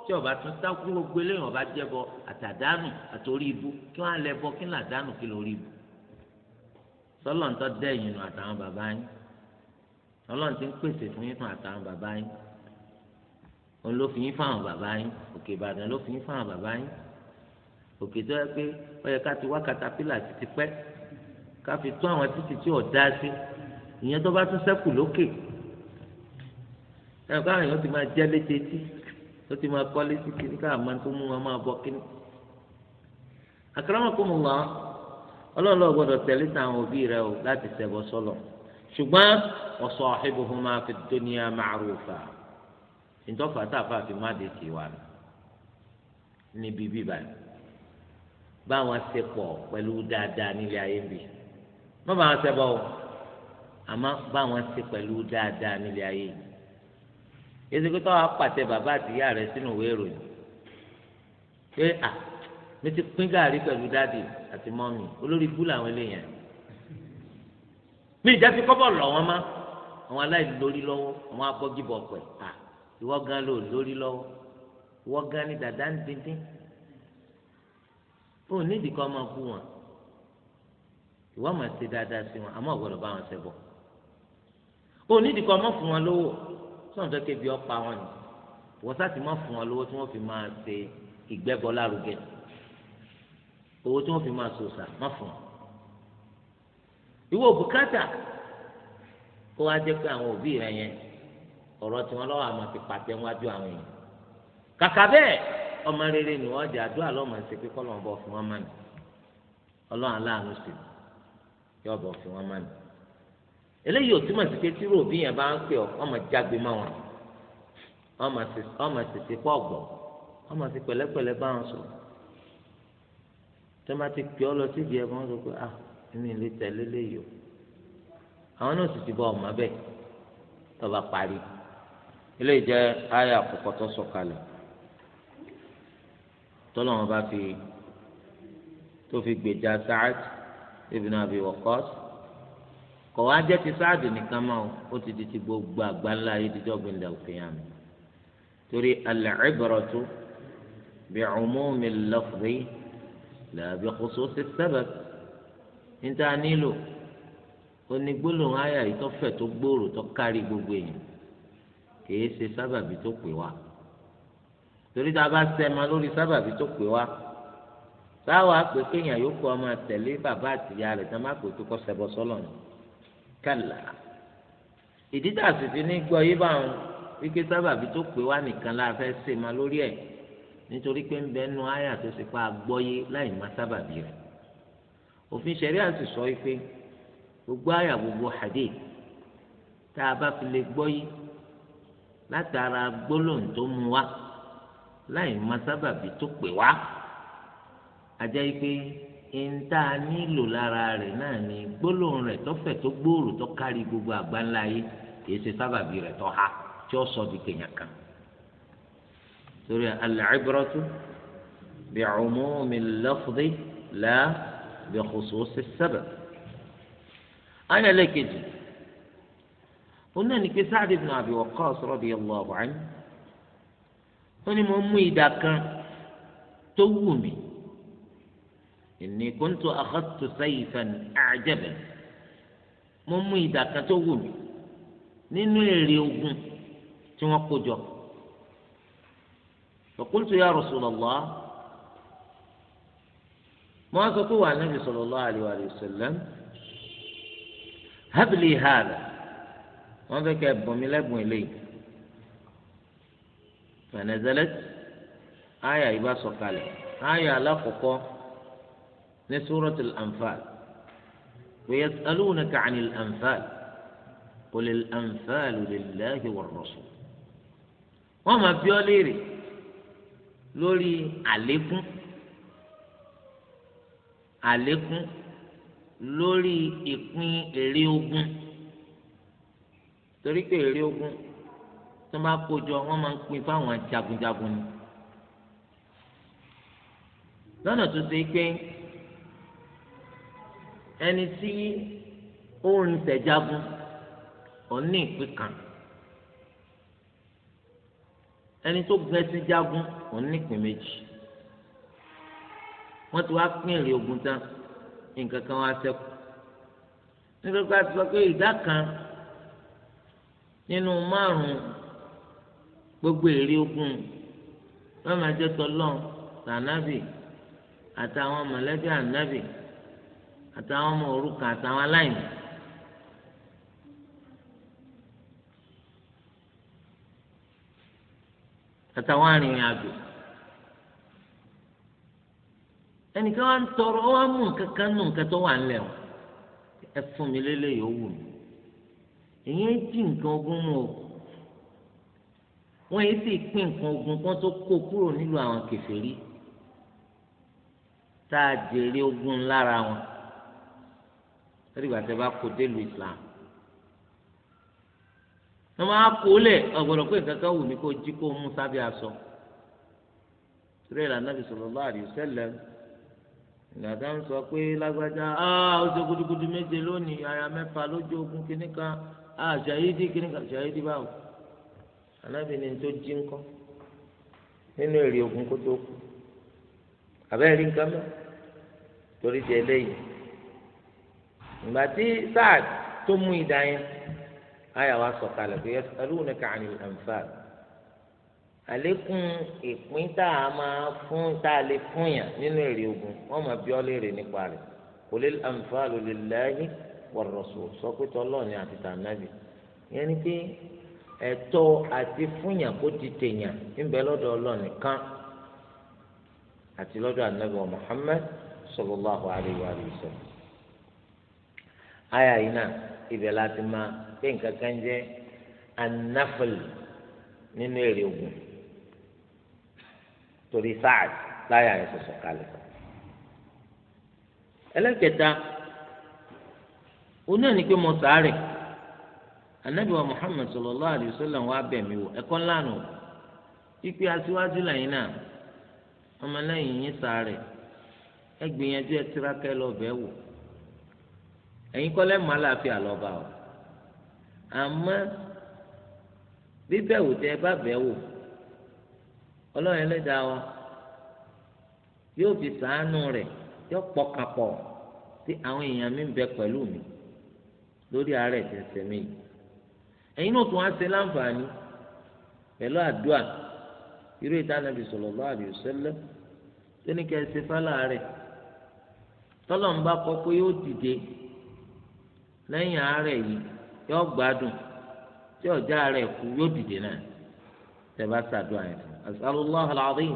Speaker 1: tí ọba tún dákú gbogbo eléyìí ọba jẹbọ àtàdánù àtòrí ibu kí wọn lẹ bọ kí wọn àdánù kí lórí ibu sọlọ́ntọ́ dẹ́yìn nù àtàwọn bàbá yín ọlọ́run ti ń pèsè fún yín fún àtàwọn bàbá yín òun ló fi yín fún àwọn bàbá yín òkè ìbàdàn ló fi yín fún àwọn bàbá yín òkè tó yẹ pé ó yẹ ká ti wá katapila títí pẹ́ ká fi tún àwọn títí tí ò dá sí ìyẹn tó bá tún sẹ́kù lókè ẹ̀rọ káwọn èèyàn ti máa jẹ́ létetí ó ti máa kọ́ létí kíní káwọn máa tó mú wọn máa bọ́ kíní. akramakumullah ọlọ́run lọ́ọ́ gbọ́dọ̀ tẹ̀lé táwọn òbí rẹ o láti ṣẹbọ sọ́lọ̀ ṣùgbọ́n wa sahibuhuma fid dunya ma'rufa ìjọba tá a fà fi má dé tiwa níbi bíbáyìí bá wọn ṣe pọ̀ pẹ̀lú dáadáa nílé ayé bì má bá wọn ṣe bọ́ o àmọ́ bá wọn ṣe pẹ̀lú dáadáa nílé ayé yìí yéésì pé táwọn apàtẹ bàbá àtìyá rẹ sínú ìwé ìròyìn pé à mi ti pín gàrí pẹ̀lú dáàdì àti mọ́mì olórí ibú làwọn eléyàn mi ìjà fi kọ́bọ̀ lọ̀ wọ́n má àwọn aláìlórí lọ́wọ́ àwọn abọ́gibọ̀ pẹ̀ à ìwọ gan ló lórí lọ́wọ́ ìwọ gan ni dàda ń dín dín ó nídìí kan máa bú wọn ìwọ máa ṣe dáadáa sí wọn àmọ́ ọ̀gbọ́dọ̀ bá wọn ṣe bọ̀ ó nídìí kan máa fún wọn lówó sọ̀rọ̀ tó kébi ọ̀pá wọn ni wọ́n sáàtì máa fún wọn lówó tí wọ́n fi máa ṣe ìgbẹ́bọ lárugẹ owó tí wọ́n fi máa sòsà má fún wọn ìwọ bùkátà kó wá jẹ́ pé àwọn òbí rẹ yẹn ọ̀rọ̀ tiwọn lọ́wọ́ àmọ́ ti pàtẹ́ wájú àwọn èèyàn kàkà bẹ́ẹ̀ ọmọ rere ni wọ́n jẹ́ àdúrà lọ́mọ ṣe pé kọ́ lọ́mọ bọ̀ fún wọn mọ́ni ọlọ́run aláàánú sí i yọ bọ̀ fún wọn mọ́ni eléyìí ò túmọ̀ sí pé tí ròbí yẹn bá ń pè ọ́ ọmọ jágbe mọ́ wọn ọmọ tètè pọ̀ gbọ́ ọmọ ti pẹ̀lẹ́pẹ̀lẹ́ bá wọn sọ̀rọ̀ tó má ti pè ọ́ lọ síbi ẹ̀ wọ́n sọ pé ah mi lè tẹ̀lé léyìí o àwọn náà sì ti bọ ọmọ bẹ́ẹ̀ tó bá parí eléyìí jẹ́ àyà àkọ́kọ́ tó sọ̀kalẹ̀ tọ́lọ́wọ́n bá fi tó fi gbèjà Sa'ad ibn Abi Waqqas kọ̀ wá jẹ́ ti Sa'ad nìkan mọ́ ó ti di ti gbogbo àgbáńlá yìí dídọ́ gbẹ̀ndà òkèèyàn mi torí al-ibratu bi'umumi al-lafzi la bi khususi as-sabab níta nílò onígbólóhùn àyà yìí tó fẹ̀ tó gbòòrò tó kárí gbogbo èèyàn kì í ṣe sábàbí tó pè wá torí tá a bá sẹ́ma lórí sábàbí tó pè wá táwa pé kéèyàn yóò kó ọmọ tẹ̀lé bàbá àtìyá rẹ̀ tán má pè tó kọ́ sẹ́bọ sọ́lọ̀ ni kàlà ìdí tá a sì fi ní gbọ́ yí bá wọn wípé sábàbí tó pè wá nìkan la fẹ́ sẹ́ma lórí ẹ̀ nítorí pé ń bẹ nu àyà tó ṣe pa àgbọ́yé láì má sábàbí rẹ̀ òfin ṣẹ̀ríà sì sọ wípé gbogbo àyà gbogbo hadith tá a bá fi lè gbọ́ yí látara gbólóhùn tó mu wá láì mọ sábàbí tó pè wá ajá yìí pé ń tá a nílò lára rẹ̀ náà ni gbólóhùn rẹ̀ tọ́fẹ̀ tó gbòòrò tó kárí gbogbo àgbáńlá yìí kì í ṣe sábàbí rẹ̀ tó ha tí ó sọ di kèèyàn kan torí al-ibratu bi'umumi al-lafzi la bi khususi as-sabab ana lẹ́kẹ̀jì ó náà ní pé Sa'd ibn Abi Waqqas radiyallahu anhu ó ní mo mú ìdá kan tó wù mí inni kuntu akhadtu sayfan a'jaba mo mú ìdá kan tó wù mí nínú èrè ogun tí wọ́n kó jọ fa qultu ya mo á sọ pé wà Nabi sallallahu alayhi wa sallam habli hada wọ́n fẹ́ kẹ́ bùn mí eléyìí. فنزلت آية يبقى سقالة آية لا من سورة الأنفال ويسألونك عن الأنفال قل الأنفال لله والرسول وما بيوليري لولي عليكم عليكم لولي ìpín èrè ogun torí pé èrè ogun tó bá kójọ wọ́n máa ń pín fáwọn jagunjagun ni lọ́nà tó ṣe pé ẹni tí ó ń tẹ̀jagun òun ní ìpín kan ẹni tó gbẹ́sí jagun òun ní ìpín méjì wọ́n ti wá pín èrè ogun tán nǹkan kan wá ṣẹ́kù nítorí pé a ti sọ pé ìdá kan nínú márùn gbogbo èrè ogun wọn máa jẹ tọlọ́n tànàbì àtàwọn mọ̀lẹ́bí ànàbì àtàwọn ọmọ òrukàn àtàwọn aláìní. àtàwọn arìnrìn àjò ẹnìkan wa ń tọrọ ọ wa mú nǹkan kan nù nǹkan tó wà ńlẹ̀ o ẹ fún mi lélẹ̀ yóò wù mí èyí ń jí wọ́n yìí sì pín nǹkan ogun kan tó kó kúrò nílùú àwọn kèfèrí tá a jèrè ogun lára wọn lórí ìgbà tí a bá kó délùú Islam wọ́n máa kó lẹ̀ ọ̀gbọ̀dọ̀ pé nǹkan kan wù mí kó jí kó mú sábẹ́ aṣọ torí ìlànà Nabi sallallahu alaihi wasallam ìgbàdá ń sọ pé lágbájá ah, ó ṣe gudugudu méje lónìí aya mẹ́fà lójú ogun kìnnìkan àṣàyídì ah, kìnnìkan àṣàyídì báwo anábì ni tó jí ńkọ́ nínú èrè ogun kó tó kú àbẹ́rẹ́ rí nǹkan mọ́ torí di eléyìí ìgbà tí Saad tó mú ìdá yẹn ayà wa sọ̀kalẹ̀ pé yas'alunaka 'anil anfal àlékún ìpín tá a máa fún tá a lè fún yàn nínú èrè ogun wọ́n máa bí ọ́ léèrè nípa rẹ̀ qulil anfalu lillahi war rasul sọ pé tọ́lọ́ọ̀ni àti tànàbì yẹn ni pé eto àti fúnyà kó ti tèèyàn ńbẹ lọ́dọ̀ Ọlọ́run nìkan àti lọ́dọ̀ anabi Muhammad sallallahu alayhi wa sallam. àyà yìí náà ibẹ̀ láti pé nǹkan kan ogun torí Sa'ad láyà yẹn sọ̀sọ̀ kalẹ̀. ẹlẹ́kẹta oní ní pé anabi wa muhammed sallallahu alayhi wa sallam wa bẹ̀ mí wò ẹ̀kọ́ ńlá nù pípé aṣíwájú lẹ́yìn náà ọmọlẹ́yìn yín sáré ẹ gbìyànjú ẹ tiraka lọ bẹ̀ wò ẹ̀yin kọ́lẹ́ mọ́ aláàfin àlọ́ba o àmọ́ bíbẹ̀wò tẹ ẹ bá bẹ̀ wò ọlọ́run ẹlẹ́dàá wa yóò fi sàánú rẹ̀ yóò pọkàn pọ̀ tí àwọn èèyàn mi bẹ pẹ̀lú mi lórí àárẹ̀ tẹ̀sẹ̀ mi yìí ẹ̀yin náà tún wá ṣe láǹfààní pẹ̀lú àdúà irú ìta nàbì sallallahu alaihi wasallam tó ní kẹ́ ẹ ṣe fálà rẹ̀ tọ́lọ̀ ń bá kọ́ pé yóò dìde lẹ́yìn àárẹ̀ yìí yóò gbádùn tí ọ̀já rẹ̀ kú yóò dìde náà tẹ̀bá ṣàdúrà yẹn fún as'alullahi al-azim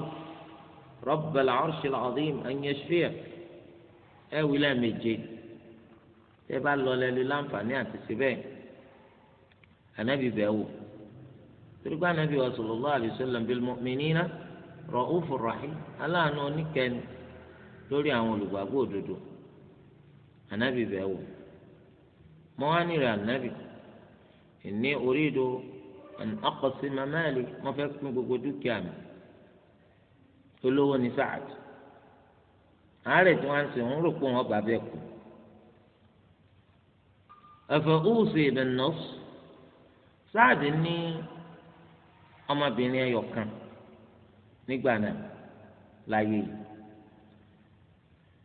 Speaker 1: rabbal arshil azim an yashfi'ak ẹ wí láǹfààní àti síbẹ̀ ànábì bẹ̀ wò torípé ànábì wa sallallahu alaihi wasallam bil mu'minina ra'ufur rahim aláàánú oníkẹ́ni lórí àwọn olùgbàgbọ́ òdodo ànábì bẹ̀ wò mọ́ wá nírẹ̀ ànábì inni uridu an aqsima mali mo fẹ́ pín gbogbo dúkìá mi olówó ni Sa'ad àárẹ̀ tí wọ́n ń sìn ń rò pé wọ́n bàbá ẹ̀ kù afa usi bin nafs. sáàdì ní ọmọbìnrin ẹyọ kan nígbà náà láyé yìí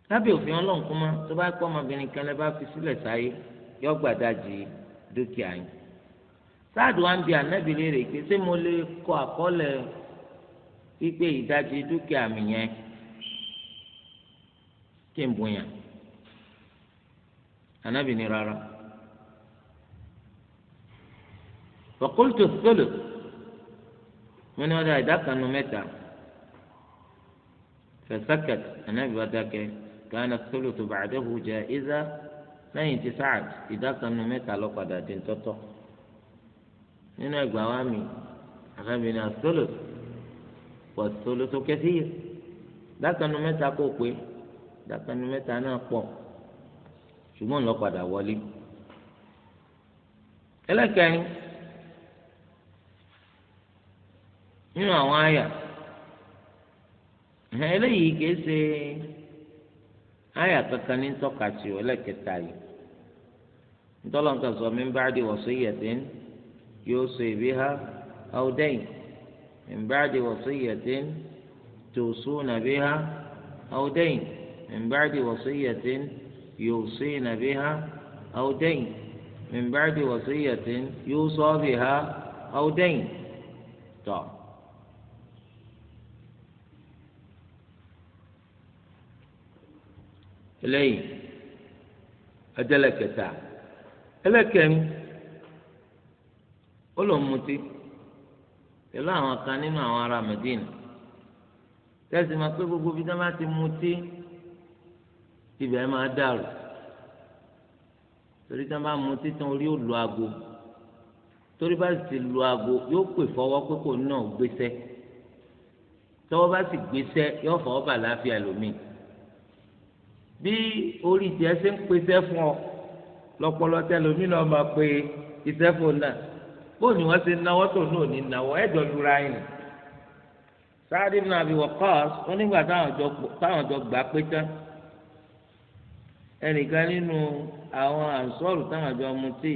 Speaker 1: lábẹ́ òfin ọlọ́run tó ọmọbìnrin kan fi sílẹ̀ sáyé yọ gbàdájì dúkìá yìí sáàdì wa ń bi pé kọ àkọọ́lẹ̀ pípé dúkìá mi yẹn kí n rárá. fọkúlùtò sọlù wọn ni wọn dá ìdá kan nu mẹ́ta fẹsẹkẹt anabi wa dákẹ́ gánà sọlù tó bàdé hu jẹ ìzá lẹ́yìn tí sáàd ìdá kan nu mẹ́ta lọ padà dé tọtọ nínú ẹgbàá wa mi anabi ni asọlù wọ sọlù tó kẹsí yìí ìdá kan nu kò pé ìdá kan nu náà pọ̀ ṣùgbọ́n lọ wọlé ẹlẹkẹrin. nínú àwọn àyà eléyìí kìí ṣe àyà kankan ní tọ́ka tí ọ lẹ́kẹta yìí ntọ́lọ́nkà sọ mi mi bá bá di di wọ́sọ wọ́sọ ń ń yóò sọ ibi ha min ba'di wasiyyatin yusi biha aw dayn min ba'di wasiyyatin tusuna biha aw dayn min ba'di wasiyyatin yusina biha aw dayn min yóò sọ yusa biha aw dayn tọ́. eléyìí ẹdẹlẹkẹta ẹlẹkẹrin ó lọ mutí pẹ̀lú àwọn kan nínú àwọn ará Medina tẹsí ma pé gbogbo bí dáná ti mutí ibẹ̀ máa dàrú torí dáná bá mutí tán orí ò lu aago torí bá sì lu aago yóò pè fọwọ́ pé kò náà gbéṣẹ́ tọwọ́ bá sì gbéṣẹ́ yóò fọwọ́ bà láàfin ẹlòmíì bí orí tiẹ̀ ṣe ń pèsè fún ọ lọpọlọ tẹlómìnà ọmọ pé ìṣẹ́fún náà bó ni wọ́n ṣe náwó tó náà ní náwó ẹ̀jọ̀ lura yìí sáàdì ibùdó àbí wọ́kọ́s onígbà táwọn jọ gbà pé tán ẹnìkan nínú àwọn ànsọ́ọ̀lù táwọn jọ mu tíì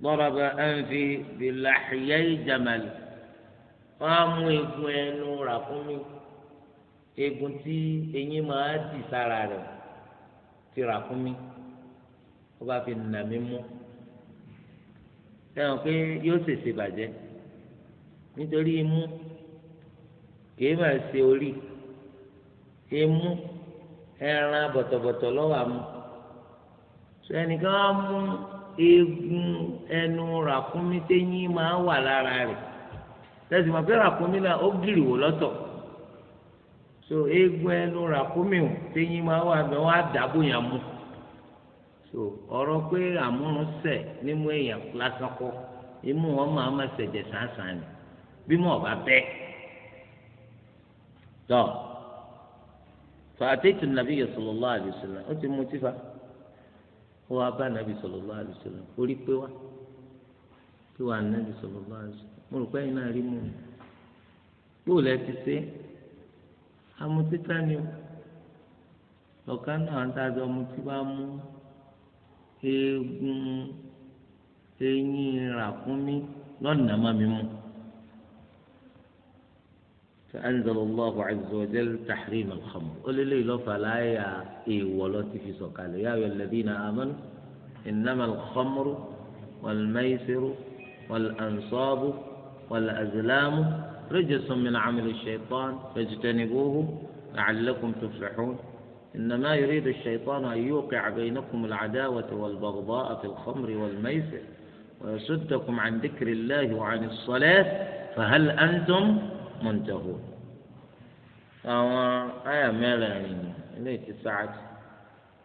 Speaker 1: gbọ́dọ̀bẹ ẹnfi bìláhìyẹ́ ìjàmàlì wọ́n á mú egun ẹnu rà fún mi eegun tí eyín máa dì sára rẹ̀ ti rà fún mi ó bá fi nà mí mú ẹ̀hàn pé yóò ṣèṣe bàjẹ́ nítorí imú kìí máa ṣe orí imú ẹran bọ̀tọ̀bọ̀tọ̀ lọ́wọ́ àmú sọ ẹnìkan á mú eegun ẹnu ràkúnmí téyín máa wà lára rẹ̀ tẹ̀sí mọ̀ pé ràkúnmí náà ó gìrì wò lọ́tọ̀. so eegun ẹnu ràkúmìù téyín máa wà bẹ wọn á mú so ọrọ pé àmúrun sẹ nímú èèyàn lásán imú wọn máa ni bí mo bá bẹ́ tọ́ fàtẹ́tù nàbí yẹ sallallahu alaihi wasallam ó ti mú tífà ó wá bá nàbí sallallahu alaihi wasallam ó rí pé wá kí wàá nàbí ti ṣe amutita ni o ọ̀kan náà ń tàbí ọmọtí bá mú eegun eyín ràkúnmí lọ́nà má mi mú. فأنزل الله عز وجل تحريم الخمر قل لي لو فلا يا إيه ولا في قال يا أيها الذين آمنوا إنما الخمر والميسر والأنصاب والأزلام رجس من عمل الشيطان فاجتنبوه لعلكم تفلحون إنما يريد الشيطان أن يوقع بينكم العداوة والبغضاء في الخمر والميسر ويصدكم عن ذكر الله وعن الصلاة فهل أنتم منتهون àwọn ايه mẹ́rin àrìnà ilé سعد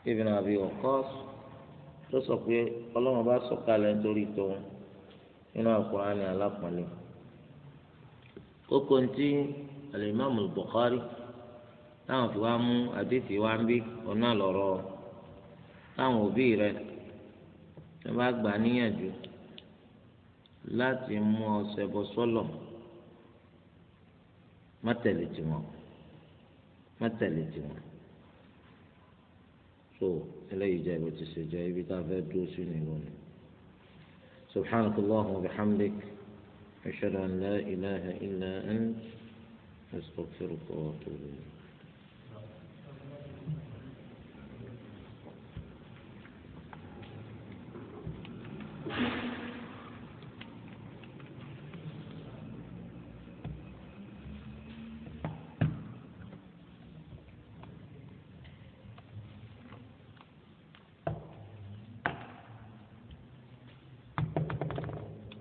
Speaker 1: ابن أبي وقاص Waqqas tó sọ pé ọlọ́run bá sọ̀kalẹ̀ nítorí tòun nínú kókó ntí alimami Bukhari táwọn fi wá mú àdìsí wá ń bí ọ̀nà lọ́rọ́ táwọn òbí rẹ tó bá gbà níyànjú láti mú ọsẹ bọ sọlọ má tẹ̀lé tiwọn má tẹ̀lé tiwọn so eléyìí jẹ́ ibi tí ṣe jẹ́ ibi tá a fẹ́ dúró sí nìyẹn lónìí subhanahu wa ta'ala أشهد أن لا إله إلا أنت أستغفرك وأتوب إليك Thank you.